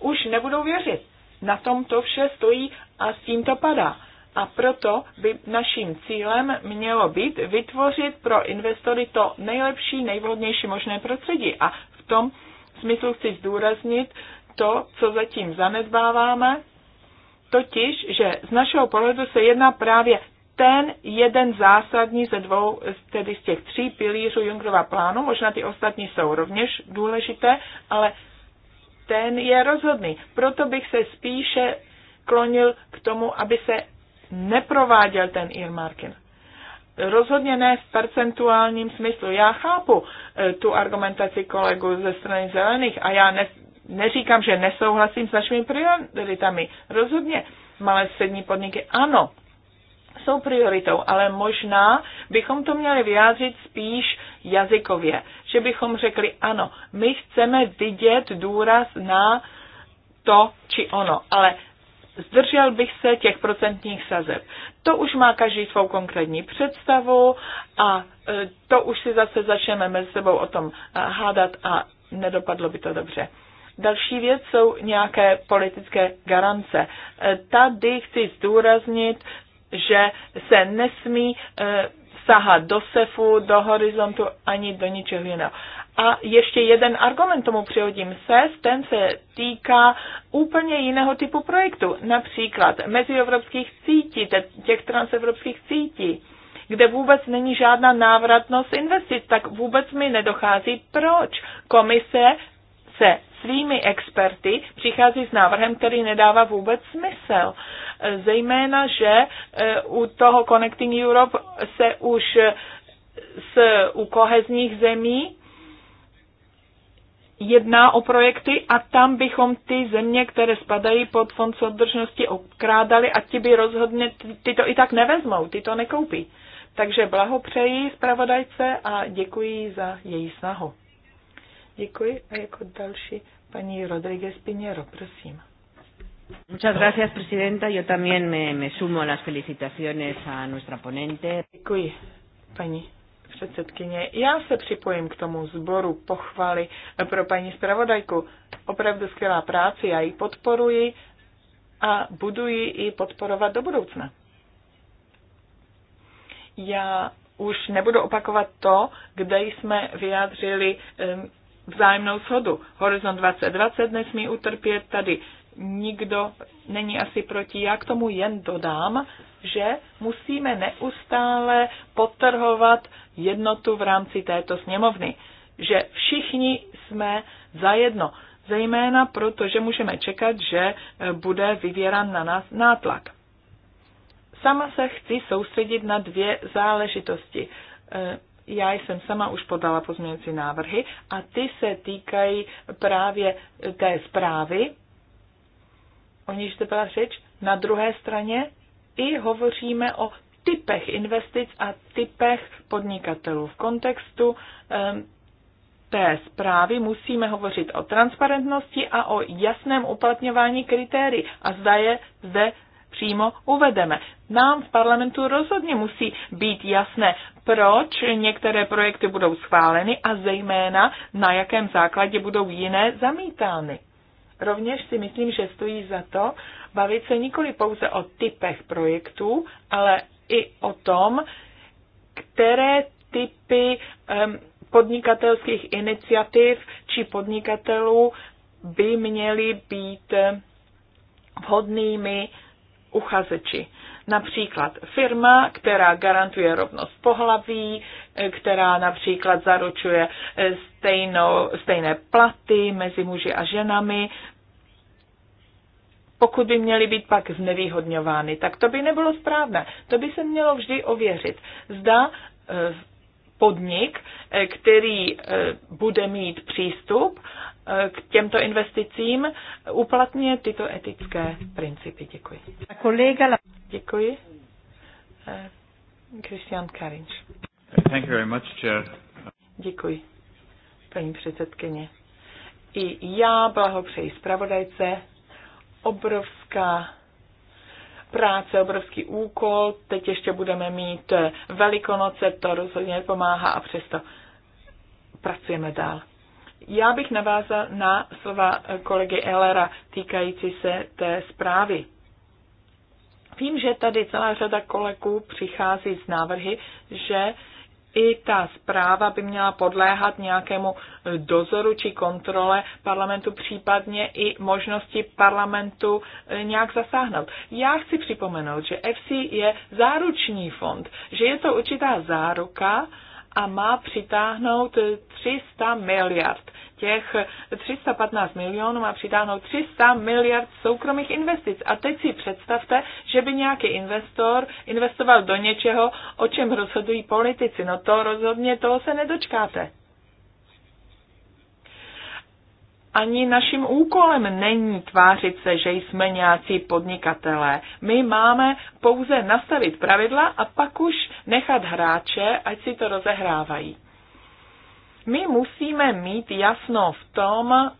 už nebudou věřit. Na tom to vše stojí a s tím to padá. A proto by naším cílem mělo být vytvořit pro investory to nejlepší, nejvhodnější možné prostředí. A v tom smyslu chci zdůraznit to, co zatím zanedbáváme, totiž, že z našeho pohledu se jedná právě ten jeden zásadní ze dvou, tedy z těch tří pilířů Jungrova plánu, možná ty ostatní jsou rovněž důležité, ale ten je rozhodný. Proto bych se spíše klonil k tomu, aby se neprováděl ten earmarking. Rozhodně ne v percentuálním smyslu. Já chápu eh, tu argumentaci kolegu ze strany zelených a já ne, neříkám, že nesouhlasím s našimi prioritami. Rozhodně malé střední podniky ano, jsou prioritou, ale možná bychom to měli vyjádřit spíš jazykově, že bychom řekli ano, my chceme vidět důraz na to či ono, ale zdržel bych se těch procentních sazeb. To už má každý svou konkrétní představu a e, to už si zase začneme mezi sebou o tom e, hádat a nedopadlo by to dobře. Další věc jsou nějaké politické garance. E, tady chci zdůraznit, že se nesmí sahat do sefu, do horizontu ani do ničeho jiného. A ještě jeden argument tomu přihodím se, ten se týká úplně jiného typu projektu, například mezievropských sítí, těch transevropských sítí kde vůbec není žádná návratnost investic, tak vůbec mi nedochází, proč komise se svými experty přichází s návrhem, který nedává vůbec smysl. Zejména, že e, u toho Connecting Europe se už z, e, u kohezních zemí jedná o projekty a tam bychom ty země, které spadají pod fond soudržnosti, okrádali a ti by rozhodně, ty to i tak nevezmou, ty to nekoupí. Takže blahopřeji zpravodajce a děkuji za její snahu. Děkuji a jako další paní Rodríguez Piniero, prosím. Muchas gracias, presidenta. Yo también me, me sumo a las felicitaciones a nuestra ponente. Děkuji, paní předsedkyně. Já se připojím k tomu zboru pochvaly pro paní zpravodajku. Opravdu skvělá práce, já ji podporuji a budu ji i podporovat do budoucna. Já už nebudu opakovat to, kde jsme vyjádřili vzájemnou shodu. Horizont 2020 nesmí utrpět, tady nikdo není asi proti. Já k tomu jen dodám, že musíme neustále potrhovat jednotu v rámci této sněmovny, že všichni jsme zajedno, zejména proto, že můžeme čekat, že eh, bude vyvěran na nás nátlak. Sama se chci soustředit na dvě záležitosti. Eh, já jsem sama už podala pozměňující návrhy a ty se týkají právě eh, té zprávy, o níž jste byla řeč. Na druhé straně i hovoříme o typech investic a typech podnikatelů. V kontextu té zprávy musíme hovořit o transparentnosti a o jasném uplatňování kritérií. A zda je zde přímo uvedeme. Nám v parlamentu rozhodně musí být jasné, proč některé projekty budou schváleny a zejména na jakém základě budou jiné zamítány. Rovněž si myslím, že stojí za to bavit se nikoli pouze o typech projektů, ale i o tom, které typy podnikatelských iniciativ či podnikatelů by měly být vhodnými uchazeči. Například firma, která garantuje rovnost pohlaví, která například zaručuje stejno, stejné platy mezi muži a ženami, pokud by měly být pak znevýhodňovány, tak to by nebylo správné. To by se mělo vždy ověřit. Zda e, podnik, e, který e, bude mít přístup k těmto investicím, uplatňuje tyto etické principy. Děkuji. Kolega... Děkuji. Christian Karinč. Thank you very much, Chair. Děkuji, paní předsedkyně. I já blahopřeji zpravodajce obrovská práce, obrovský úkol. Teď ještě budeme mít velikonoce, to rozhodně pomáhá a přesto pracujeme dál. Já bych navázal na slova kolegy Elera týkající se té zprávy. Vím, že tady celá řada kolegů přichází z návrhy, že i ta zpráva by měla podléhat nějakému dozoru či kontrole parlamentu, případně i možnosti parlamentu e, nějak zasáhnout. Já chci připomenout, že FC je záruční fond, že je to určitá záruka, a má přitáhnout 300 miliard. Těch 315 milionů má přitáhnout 300 miliard soukromých investic. A teď si představte, že by nějaký investor investoval do něčeho, o čem rozhodují politici. No to rozhodně toho se nedočkáte. ani naším úkolem není tvářit se, že jsme nějací podnikatelé. My máme pouze nastavit pravidla a pak už nechat hráče, ať si to rozehrávají. My musíme mít jasno v tom,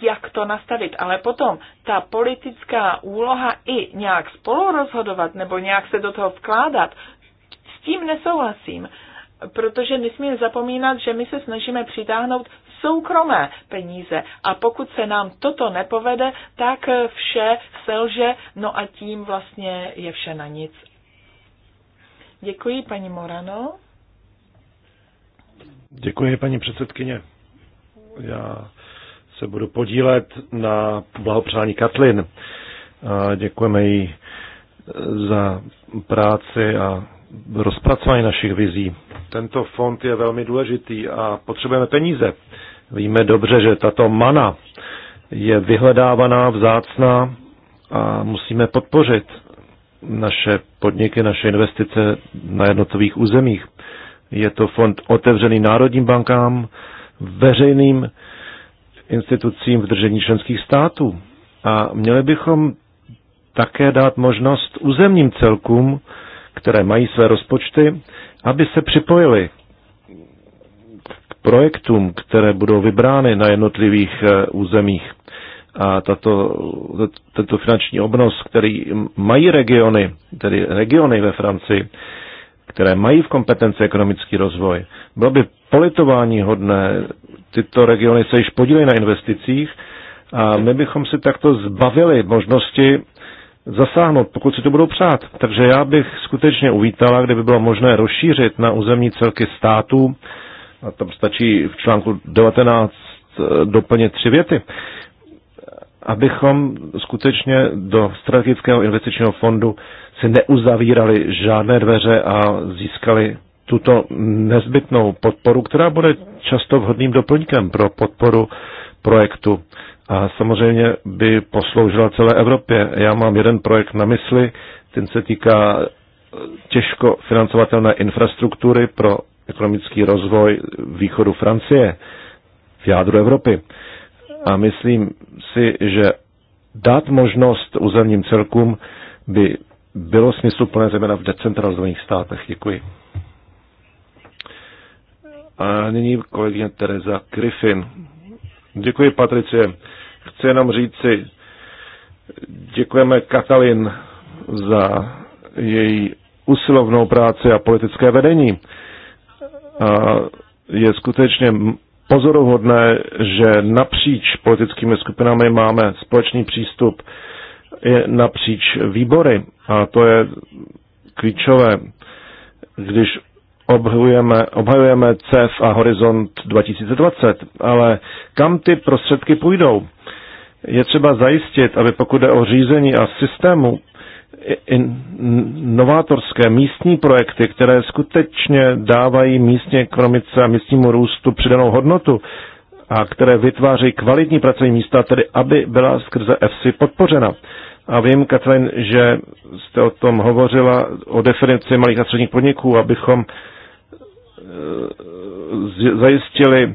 jak to nastavit, ale potom ta politická úloha i nějak spolu rozhodovat nebo nějak se do toho vkládat, s tím nesouhlasím protože nesmíme zapomínat, že my se snažíme přitáhnout soukromé peníze. A pokud se nám toto nepovede, tak vše selže, no a tím vlastně je vše na nic. Děkuji, paní Morano. Děkuji, paní předsedkyně. Já se budu podílet na blahopřání Katlin. A děkujeme jí za práci a rozpracování našich vizí. Tento fond je velmi důležitý a potřebujeme peníze. Víme dobře, že tato mana je vyhledávaná, vzácná a musíme podpořit naše podniky, naše investice na jednotlivých územích. Je to fond otevřený národním bankám, veřejným institucím v držení členských států. A měli bychom také dát možnost územním celkům, které mají své rozpočty, aby se připojili projektům, které budou vybrány na jednotlivých eh, územích. A tato, tento finanční obnos, který mají regiony, tedy regiony ve Francii, které mají v kompetenci ekonomický rozvoj, bylo by politování hodné. Tyto regiony se již podílejí na investicích a my bychom si takto zbavili možnosti zasáhnout, pokud si to budou přát. Takže já bych skutečně uvítala, kdyby bylo možné rozšířit na územní celky států a tam stačí v článku 19 eh, doplnit tři věty, abychom skutečně do strategického investičního fondu si neuzavírali žádné dveře a získali tuto nezbytnou podporu, která bude často vhodným doplňkem pro podporu projektu. A samozřejmě by posloužila celé Evropě. Já mám jeden projekt na mysli, ten se týká těžko financovatelné infrastruktury pro ekonomický rozvoj východu Francie v jádru Evropy. A myslím si, že dát možnost územním celkům by bylo smysluplné zejména v decentralizovaných státech. Děkuji. A nyní kolegyně Teresa Griffin. Děkuji, Patricie. Chci jenom říci, děkujeme Katalin za její usilovnou práci a politické vedení. Eh, je skutečně pozoruhodné, že napříč politickými skupinami máme společný přístup je napříč výbory. A to je klíčové, když obhajujeme, obhajujeme CEF a Horizont 2020. Ale kam ty prostředky půjdou? Je třeba zajistit, aby pokud jde o řízení a systému, novátorské místní projekty, které skutečně dávají místní ekonomice a místnímu růstu přidanou hodnotu a které vytvářejí kvalitní pracovní místa, tedy aby byla skrze EFSI podpořena. A vím, Katrin, že jste o tom hovořila, o definici malých a středních podniků, abychom eh, zajistili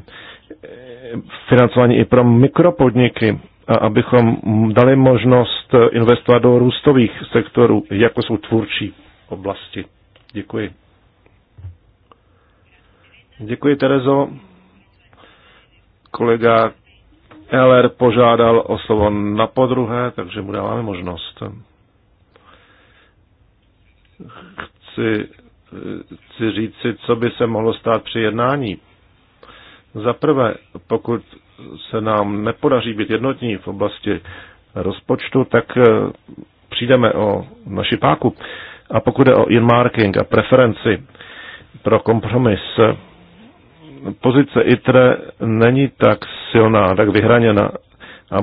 financování i pro mikropodniky, a abychom dali možnost eh, investovat do růstových sektorů, jako jsou tvůrčí oblasti. Děkuji. Děkuji, Terezo. Kolega LR požádal o slovo na podruhé, takže mu dáváme možnost. Chci, eh, chci říci, co by se mohlo stát při jednání. Za prvé, pokud se nám nepodaří být jednotní v oblasti rozpočtu, tak eh, přijdeme o naši páku. A pokud je o earmarking a preferenci pro kompromis, eh, pozice ITRE není tak silná, tak vyhraněna. A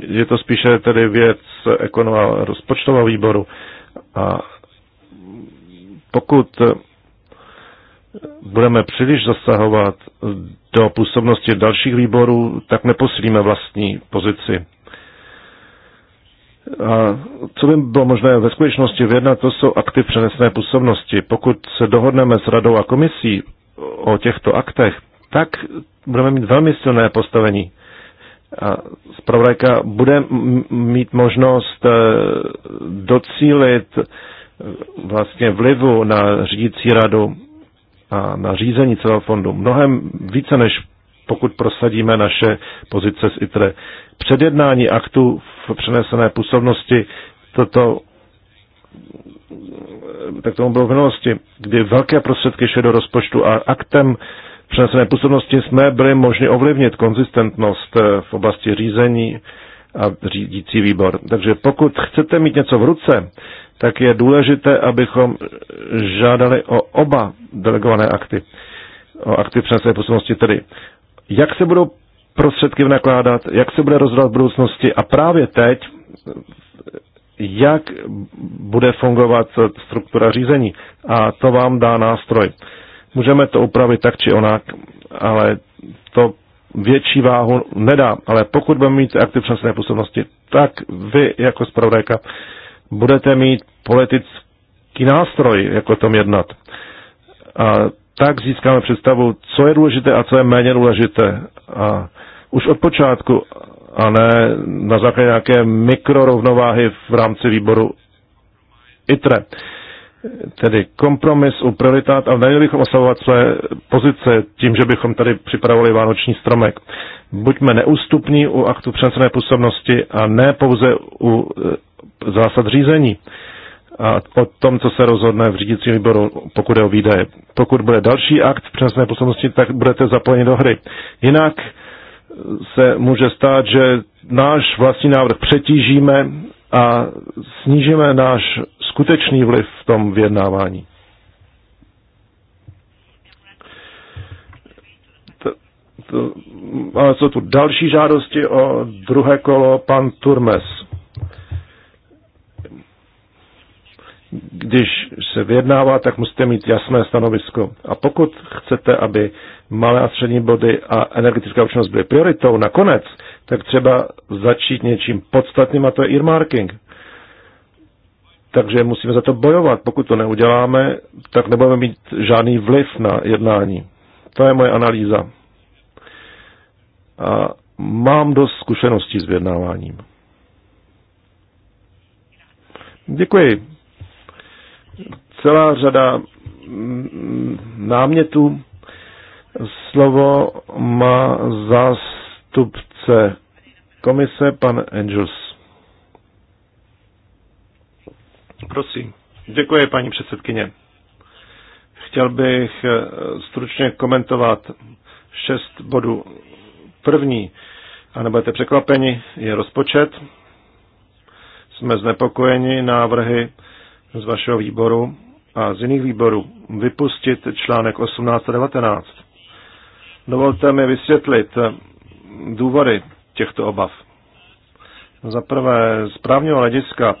je to spíše tedy věc ekonoma rozpočtového výboru. A pokud eh, budeme příliš zasahovat do působnosti dalších výborů, tak neposílíme vlastní pozici. A co by bylo možné ve skutečnosti vyjednat, to jsou akty přenesné působnosti. Pokud se dohodneme s radou a komisí o těchto aktech, tak budeme mít velmi silné postavení. A zpravodajka bude mít možnost eh, docílit vlastně vlivu na řídící radu a na řízení celého fondu. Mnohem více než pokud prosadíme naše pozice z ITRE. Předjednání aktu v přenesené působnosti toto tak tomu bylo v minulosti, kdy velké prostředky šly do rozpočtu a aktem přenesené působnosti jsme byli možni ovlivnit konzistentnost eh, v oblasti řízení a řídící výbor. Takže pokud chcete mít něco v ruce, tak je důležité, abychom žádali o oba delegované akty, o akty přenesené působnosti, tedy jak se budou prostředky vynakládat, jak se bude rozdělat v budoucnosti a právě teď, jak bude fungovat struktura řízení. A to vám dá nástroj. Můžeme to upravit tak či onak, ale to větší váhu nedá. Ale pokud budeme mít aktiv přenesené působnosti, tak vy jako zpravodajka budete mít politický nástroj, jak o tom jednat. A tak získáme představu, co je důležité a co je méně důležité. A už od počátku, a ne na základě nějaké mikrorovnováhy v rámci výboru ITRE. Tedy kompromis u prioritát a neměli bychom oslavovat své pozice tím, že bychom tady připravovali vánoční stromek. Buďme neústupní u aktu přenesené působnosti a ne pouze u zásad řízení a o tom, co se rozhodne v řídícím výboru, pokud je o výdaje. Pokud bude další akt v přenesné působnosti, tak budete zapojeni do hry. Jinak se může stát, že náš vlastní návrh přetížíme a snížíme náš skutečný vliv v tom vyjednávání. ale jsou tu další žádosti o druhé kolo, pan Turmes. když se vyjednává, tak musíte mít jasné stanovisko. A pokud chcete, aby malé a střední body a energetická účinnost byly prioritou nakonec, tak třeba začít něčím podstatným a to je earmarking. Takže musíme za to bojovat. Pokud to neuděláme, tak nebudeme mít žádný vliv na jednání. To je moje analýza. A mám dost zkušeností s vyjednáváním. Děkuji celá řada námětů. Slovo má zástupce komise, pan Angels. Prosím. Děkuji, paní předsedkyně. Chtěl bych eh, stručně komentovat šest bodů. První, a nebudete překvapeni, je rozpočet. Jsme znepokojeni návrhy z vašeho výboru a z jiných výborů vypustit článek 18 a 19. Dovolte mi vysvětlit důvody těchto obav. Za prvé, z právního hlediska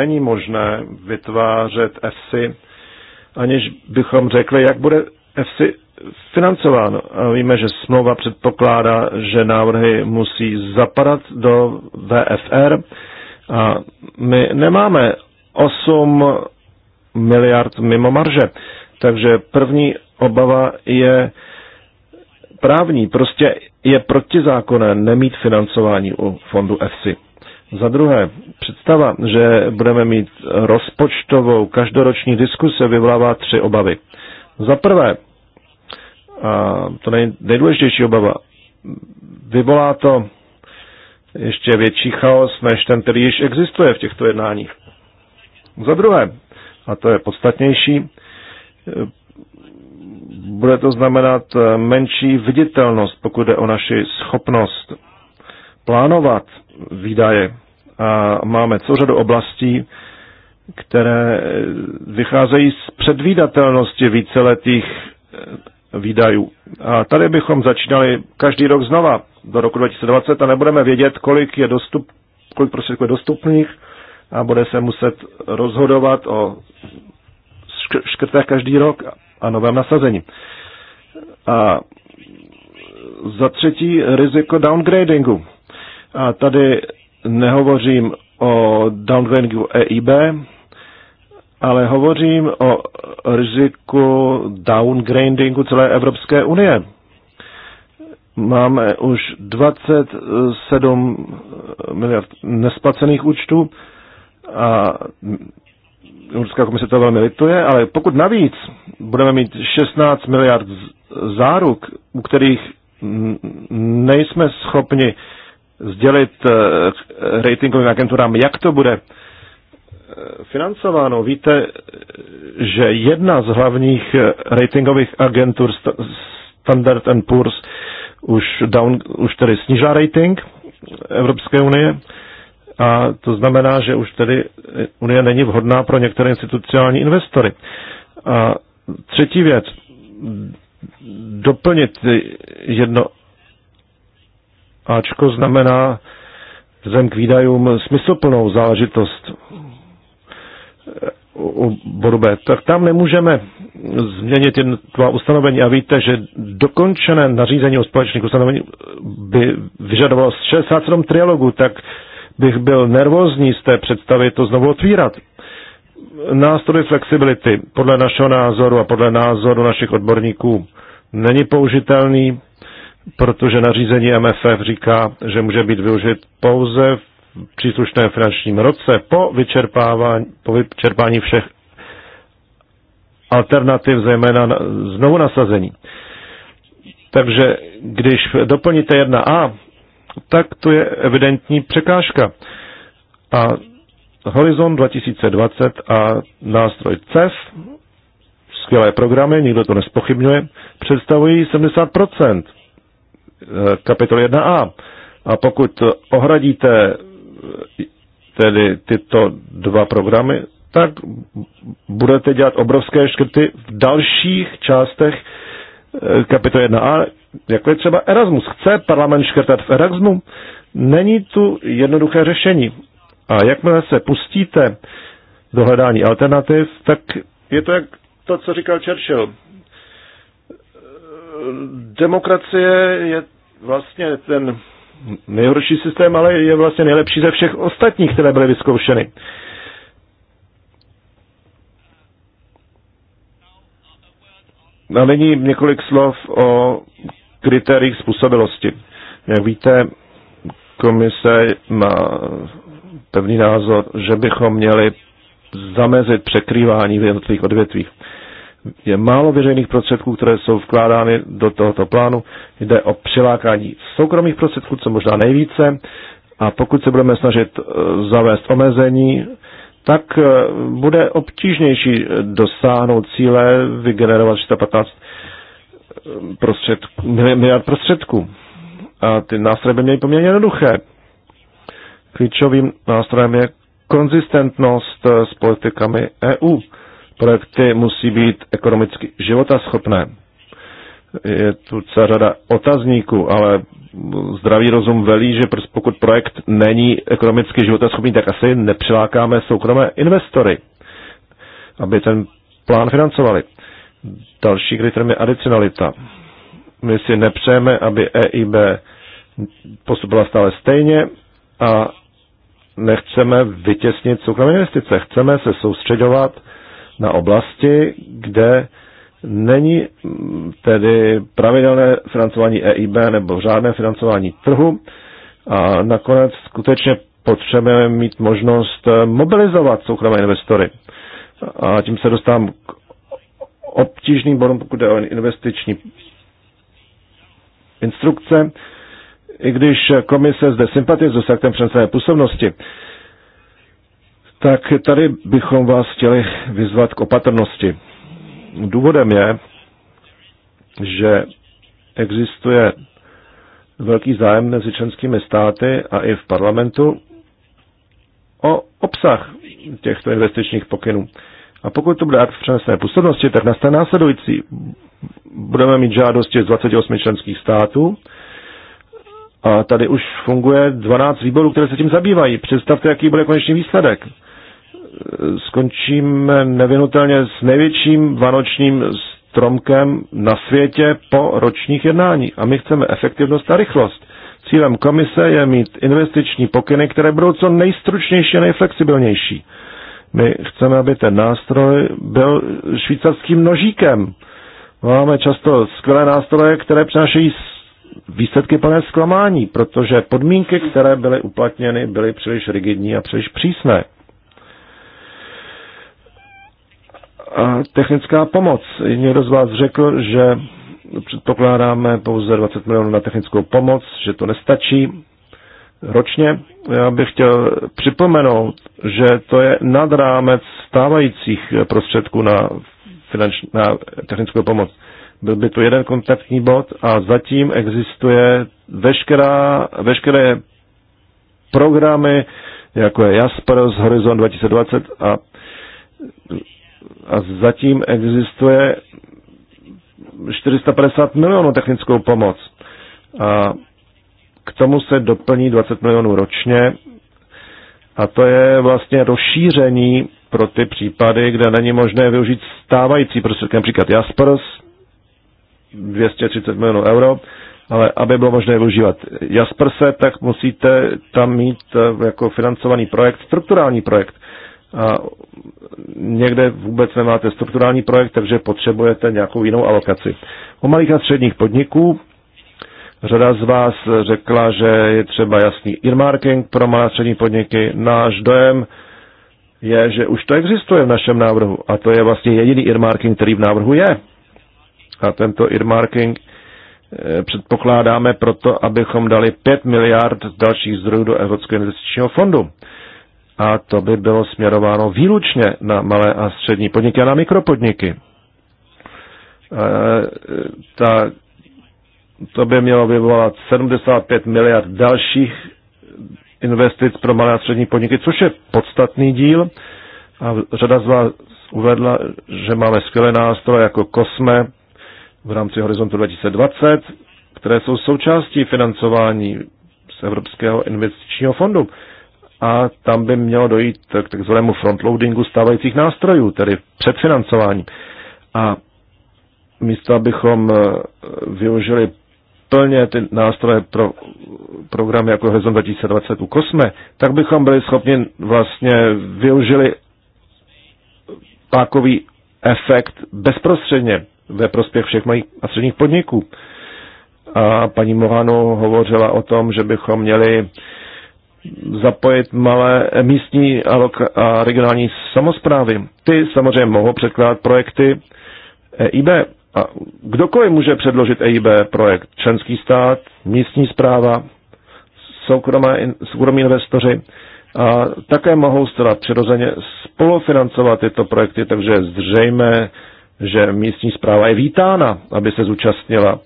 není možné vytvářet EFSI, aniž bychom řekli, jak bude EFSI financováno. A víme, že smlouva předpokládá, že návrhy musí zapadat do VFR a my nemáme 8 miliard mimo marže. Takže první obava je právní, prostě je protizákonné nemít financování u fondu EFSI. Za druhé, představa, že budeme mít rozpočtovou každoroční diskuse, vyvolává tři obavy. Za prvé, a to nej, nejdůležitější obava, vyvolá to ještě větší chaos, než ten, který již existuje v těchto jednáních. Za druhé, a to je podstatnější, eh, bude to znamenat eh, menší viditelnost, pokud jde o naši schopnost plánovat výdaje. A máme co řadu oblastí, které vycházejí z předvídatelnosti víceletých eh, výdajů. A tady bychom začínali každý rok znova do roku 2020 a nebudeme vědět, kolik je dostup, kolik prostředků je dostupných, a bude se muset rozhodovat o škrtech každý rok a novém nasazení. A za třetí riziko downgradingu. A tady nehovořím o downgradingu EIB, ale hovořím o riziku downgradingu celé Evropské unie. Máme už 27 miliard nesplacených účtů a Evropská komise to velmi lituje, ale pokud navíc budeme mít 16 miliard záruk, u kterých nejsme schopni sdělit eh, ratingovým agenturám, jak to bude eh, financováno. Víte, že jedna z hlavních eh, ratingových agentur Standard Poor's už, down, už tedy snižá rating Evropské unie a to znamená, že už tedy Unie není vhodná pro některé institucionální investory. A třetí věc, doplnit jedno Ačko znamená vzhledem k výdajům smysluplnou záležitost u bodu B, tak tam nemůžeme změnit jednotlivá ustanovení a víte, že dokončené nařízení o společných ustanovení by vyžadovalo 67 trialogů, tak bych byl nervózní z té představy to znovu otvírat. Nástroj flexibility podle našeho názoru a podle názoru našich odborníků není použitelný, protože nařízení MFF říká, že může být využit pouze v příslušném finančním roce po vyčerpávání, po vyčerpání všech alternativ, zejména znovu nasazení. Takže když doplníte 1A, tak to je evidentní překážka. A Horizon 2020 a nástroj CEF, skvělé programy, nikdo to nespochybňuje, představují 70% eh, kapitoly 1a. A pokud ohradíte eh, tedy tyto dva programy, tak budete dělat obrovské škrty v dalších částech Eh, kapitol 1a, jako je třeba Erasmus. Chce parlament škrtat v Erasmu? Není tu jednoduché řešení. A jakmile se pustíte do hledání alternativ, tak je to jak to, co říkal Churchill. Eh, demokracie je vlastně ten nejhorší systém, ale je vlastně nejlepší ze všech ostatních, které byly vyzkoušeny. A no, nyní několik slov o kritériích způsobilosti. Jak víte, komise má pevný názor, že bychom měli zamezit překrývání v jednotlivých odvětvích. Je málo veřejných prostředků, které jsou vkládány do tohoto plánu. Jde o přilákání soukromých prostředků, co možná nejvíce. A pokud se budeme snažit eh, zavést omezení, tak eh, bude obtížnější dosáhnout cíle vygenerovat 415 eh, prostředků, miliard prostředků. A ty nástroje by měly poměrně jednoduché. Klíčovým nástrojem je konzistentnost eh, s politikami EU. Projekty musí být ekonomicky životaschopné. Je tu celá řada otazníků, ale zdravý rozum velí, že pokud projekt není ekonomicky životaschopný, tak asi nepřilákáme soukromé investory, aby ten plán financovali. Další kritérium je adicionalita. My si nepřejeme, aby EIB postupovala stále stejně a nechceme vytěsnit soukromé investice. Chceme se soustředovat na oblasti, kde Není tedy pravidelné financování EIB nebo řádné financování trhu a nakonec skutečně potřebujeme mít možnost eh, mobilizovat soukromé investory. A tím se dostávám k obtížným bodům, pokud jde o investiční instrukce. I když komise zde sympatizuje s aktem přenesené působnosti, tak tady bychom vás chtěli vyzvat k opatrnosti. Důvodem je, že existuje velký zájem mezi členskými státy a i v parlamentu o obsah těchto investičních pokynů. A pokud to bude akt v přenesené působnosti, tak nastane následující. Budeme mít žádosti z 28 členských států a tady už funguje 12 výborů, které se tím zabývají. Představte, jaký bude konečný výsledek skončíme nevinutelně s největším vánočním stromkem na světě po ročních jednání. A my chceme efektivnost a rychlost. Cílem komise je mít investiční pokyny, které budou co nejstručnější a nejflexibilnější. My chceme, aby ten nástroj byl švýcarským nožíkem. Máme často skvělé nástroje, které přinášejí výsledky plné zklamání, protože podmínky, které byly uplatněny, byly příliš rigidní a příliš přísné. technická pomoc. Někdo z vás řekl, že předpokládáme pouze 20 milionů na technickou pomoc, že to nestačí ročně. Já bych chtěl připomenout, že to je nad rámec stávajících prostředků na, finanč, na technickou pomoc. Byl by to jeden kontaktní bod a zatím existuje veškerá, veškeré programy, jako je Jasper z Horizon 2020 a a zatím existuje 450 milionů technickou pomoc. A k tomu se doplní 20 milionů ročně a to je vlastně rozšíření pro ty případy, kde není možné využít stávající prostředky, například Jaspers, 230 milionů euro, ale aby bylo možné využívat Jasperse, tak musíte tam mít eh, jako financovaný projekt, strukturální projekt a někde vůbec nemáte strukturální projekt, takže potřebujete nějakou jinou alokaci. O malých a středních podniků řada z vás řekla, že je třeba jasný earmarking pro malé a střední podniky. Náš dojem je, že už to existuje v našem návrhu a to je vlastně jediný earmarking, který v návrhu je. A tento earmarking eh, předpokládáme proto, abychom dali 5 miliard dalších zdrojů do Evropského investičního fondu a to by bylo směrováno výlučně na malé a střední podniky a na mikropodniky. Ta, to by mělo vyvolat 75 miliard dalších investic pro malé a střední podniky, což je podstatný díl. A řada z vás uvedla, že máme skvělé nástroje jako COSME v rámci Horizontu 2020, které jsou součástí financování z Evropského investičního fondu a tam by mělo dojít k takzvanému frontloadingu stávajících nástrojů, tedy předfinancování. A místo, abychom eh, využili plně ty nástroje pro programy jako Horizon 2020 u Kosme, tak bychom byli schopni vlastně využili pákový efekt bezprostředně ve prospěch všech malých a středních podniků. A paní Mohano hovořila o tom, že bychom měli zapojit malé eh, místní a regionální samozprávy. Ty samozřejmě mohou předkládat projekty EIB. A kdokoliv může předložit EIB projekt? Členský stát, místní zpráva, soukromé, soukromí investoři a také mohou zcela přirozeně spolufinancovat tyto projekty, takže je zřejmé, že místní zpráva je vítána, aby se zúčastnila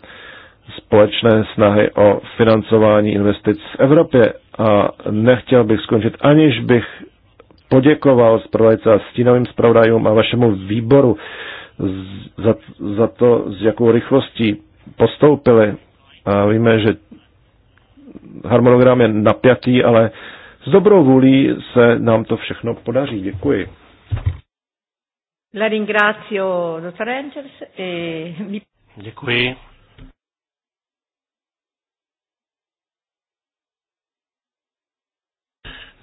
společné snahy o financování investic v Evropě a nechtěl bych skončit, aniž bych poděkoval zpravodajce a stínovým zpravodajům a vašemu výboru za, za to, s jakou rychlostí postoupili. A víme, že harmonogram je napjatý, ale s dobrou vůlí se nám to všechno podaří. Děkuji. La ringrazio, dottor Angels. E... Děkuji,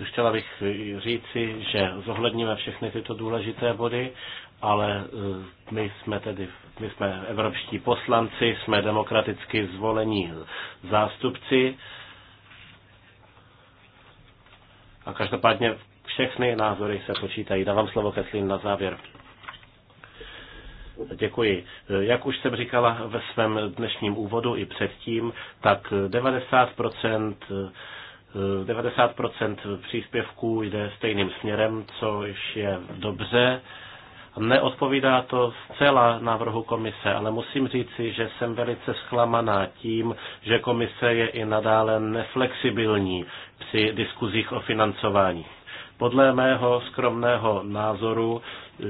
Chtěla bych říci, že zohledníme všechny tyto důležité body, ale eh, my jsme tedy, my jsme evropští poslanci, jsme demokraticky zvolení zástupci a každopádně všechny názory se počítají. Dávám slovo Kathleen na závěr. Děkuji. Jak už jsem říkala ve svém dnešním úvodu i předtím, tak 90 90% příspěvků jde stejným směrem, což je dobře. Neodpovídá to zcela návrhu komise, ale musím říci, že jsem velice zklamaná tím, že komise je i nadále neflexibilní při diskuzích o financování. Podle mého skromného názoru eh,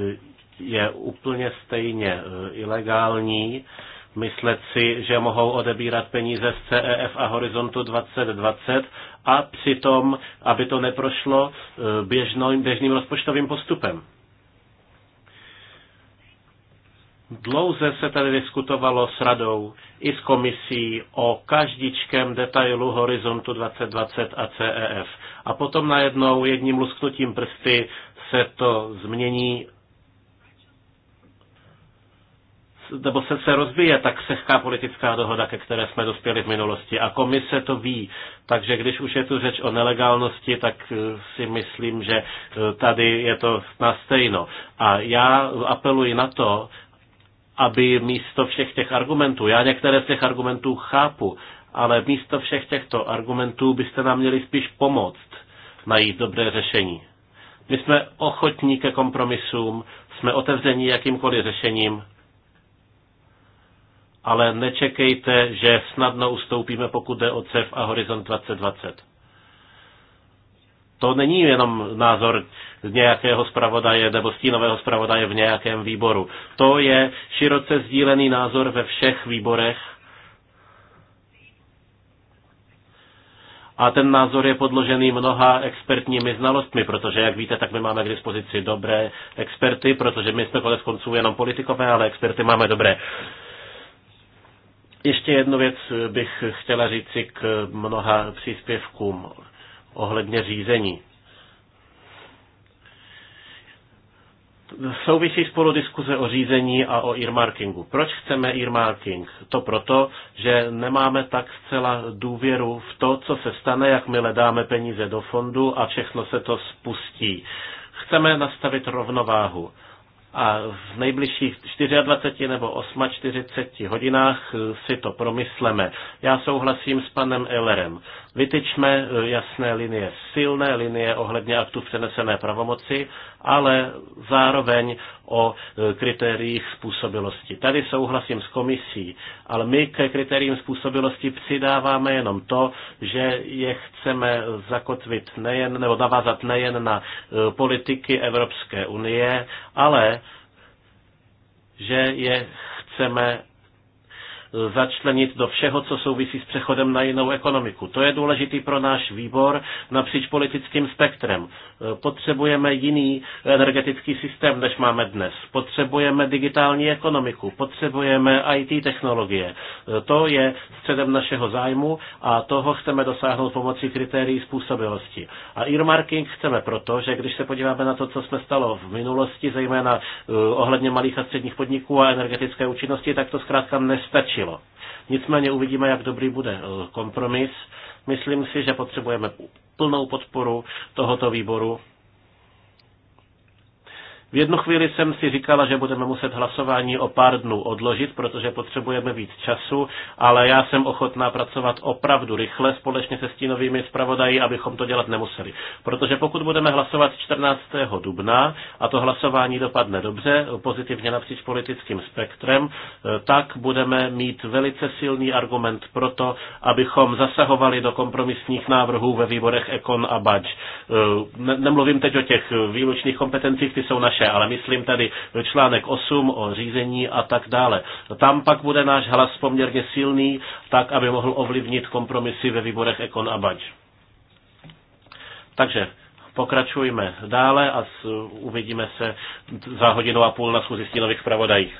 je úplně stejně eh, ilegální, myslet si, že mohou odebírat peníze z CEF a Horizontu 2020 a přitom, aby to neprošlo eh, běžným, běžným rozpočtovým postupem. Dlouze se tady diskutovalo s radou i s komisí o každičkém detailu Horizontu 2020 a CEF. A potom najednou jedním lusknutím prsty se to změní nebo se, se rozbije tak křehká politická dohoda, ke které jsme dospěli v minulosti. A komise to ví. Takže když už je tu řeč o nelegálnosti, tak eh, si myslím, že eh, tady je to na stejno. A já apeluji na to, aby místo všech těch argumentů, já některé z těch argumentů chápu, ale místo všech těchto argumentů byste nám měli spíš pomoct najít dobré řešení. My jsme ochotní ke kompromisům, jsme otevření jakýmkoliv řešením, ale nečekejte, že snadno ustoupíme, pokud jde o CEF a Horizont 2020. To není jenom názor z nějakého zpravodaje nebo stínového zpravodaje v nějakém výboru. To je široce sdílený názor ve všech výborech. A ten názor je podložený mnoha expertními znalostmi, protože, jak víte, tak my máme k dispozici dobré experty, protože my jsme konec konců jenom politikové, ale experty máme dobré. Uh, ještě jednu věc bych chtěla říci k mnoha příspěvkům ohledně řízení. Souvisí spolu diskuze o řízení a o earmarkingu. Proč chceme earmarking? To proto, že nemáme tak zcela důvěru v to, co se stane, jakmile dáme peníze do fondu a všechno se to spustí. Chceme nastavit rovnováhu a v nejbližších 24 nebo 48 hodinách si to promysleme. Já souhlasím s panem Ellerem. Vytyčme eh, jasné linie, silné linie ohledně aktu přenesené pravomoci, ale zároveň o eh, kritériích způsobilosti. Tady souhlasím s komisí, ale my ke kritériím způsobilosti přidáváme jenom to, že je chceme zakotvit nejen, nebo navázat nejen na eh, politiky Evropské unie, ale že je chceme začlenit do všeho, co souvisí s přechodem na jinou ekonomiku. To je důležitý pro náš výbor napříč politickým spektrem. Potřebujeme jiný energetický systém, než máme dnes. Potřebujeme digitální ekonomiku, potřebujeme IT technologie. To je středem našeho zájmu a toho chceme dosáhnout pomocí kritérií způsobilosti. A earmarking chceme proto, že když se podíváme na to, co jsme stalo v minulosti, zejména eh, ohledně malých a středních podniků a energetické účinnosti, tak to zkrátka nestačí změnilo. Nicméně uvidíme, jak dobrý bude eh, kompromis. Myslím si, že potřebujeme plnou podporu tohoto výboru v jednu chvíli jsem si říkala, že budeme muset hlasování o pár dnů odložit, protože potřebujeme víc času, ale já jsem ochotná pracovat opravdu rychle společně se stínovými zpravodají, abychom to dělat nemuseli. Protože pokud budeme hlasovat 14. dubna a to hlasování dopadne dobře, pozitivně napříč politickým spektrem, eh, tak budeme mít velice silný argument pro to, abychom zasahovali do kompromisních návrhů ve výborech Ekon a Bač. Eh, nemluvím teď o těch výlučných kompetencích, ty jsou naše naše, ale myslím tady článek 8 o řízení a tak dále. Tam pak bude náš hlas poměrně silný, tak, aby mohl ovlivnit kompromisy ve výborech Ekon a Bač. Takže pokračujme dále a uvidíme se za hodinu a půl na schůzi nových zpravodajích.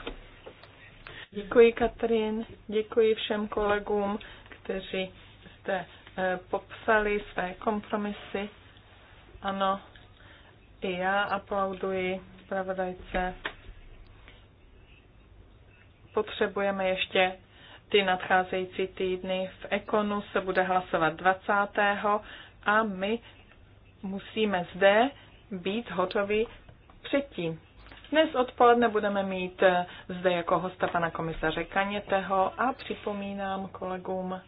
Děkuji, Katrin. Děkuji všem kolegům, kteří jste eh, popsali své kompromisy. Ano, i já aplauduji zpravodajce. Potřebujeme ještě ty nadcházející týdny. V Ekonu se bude hlasovat 20. a my musíme zde být hotovi předtím. Dnes odpoledne budeme mít eh, zde jako hosta pana komisaře Kaněteho a připomínám kolegům,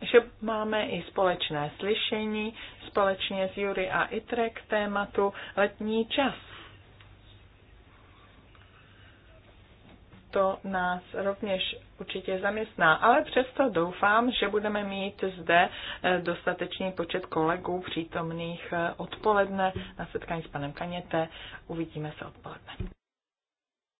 že máme i společné slyšení společně s Jury a Itre k tématu letní čas. To nás rovněž určitě zaměstná, ale přesto doufám, že budeme mít zde eh, dostatečný počet kolegů přítomných eh, odpoledne na setkání s panem Kaněte. Uvidíme se odpoledne.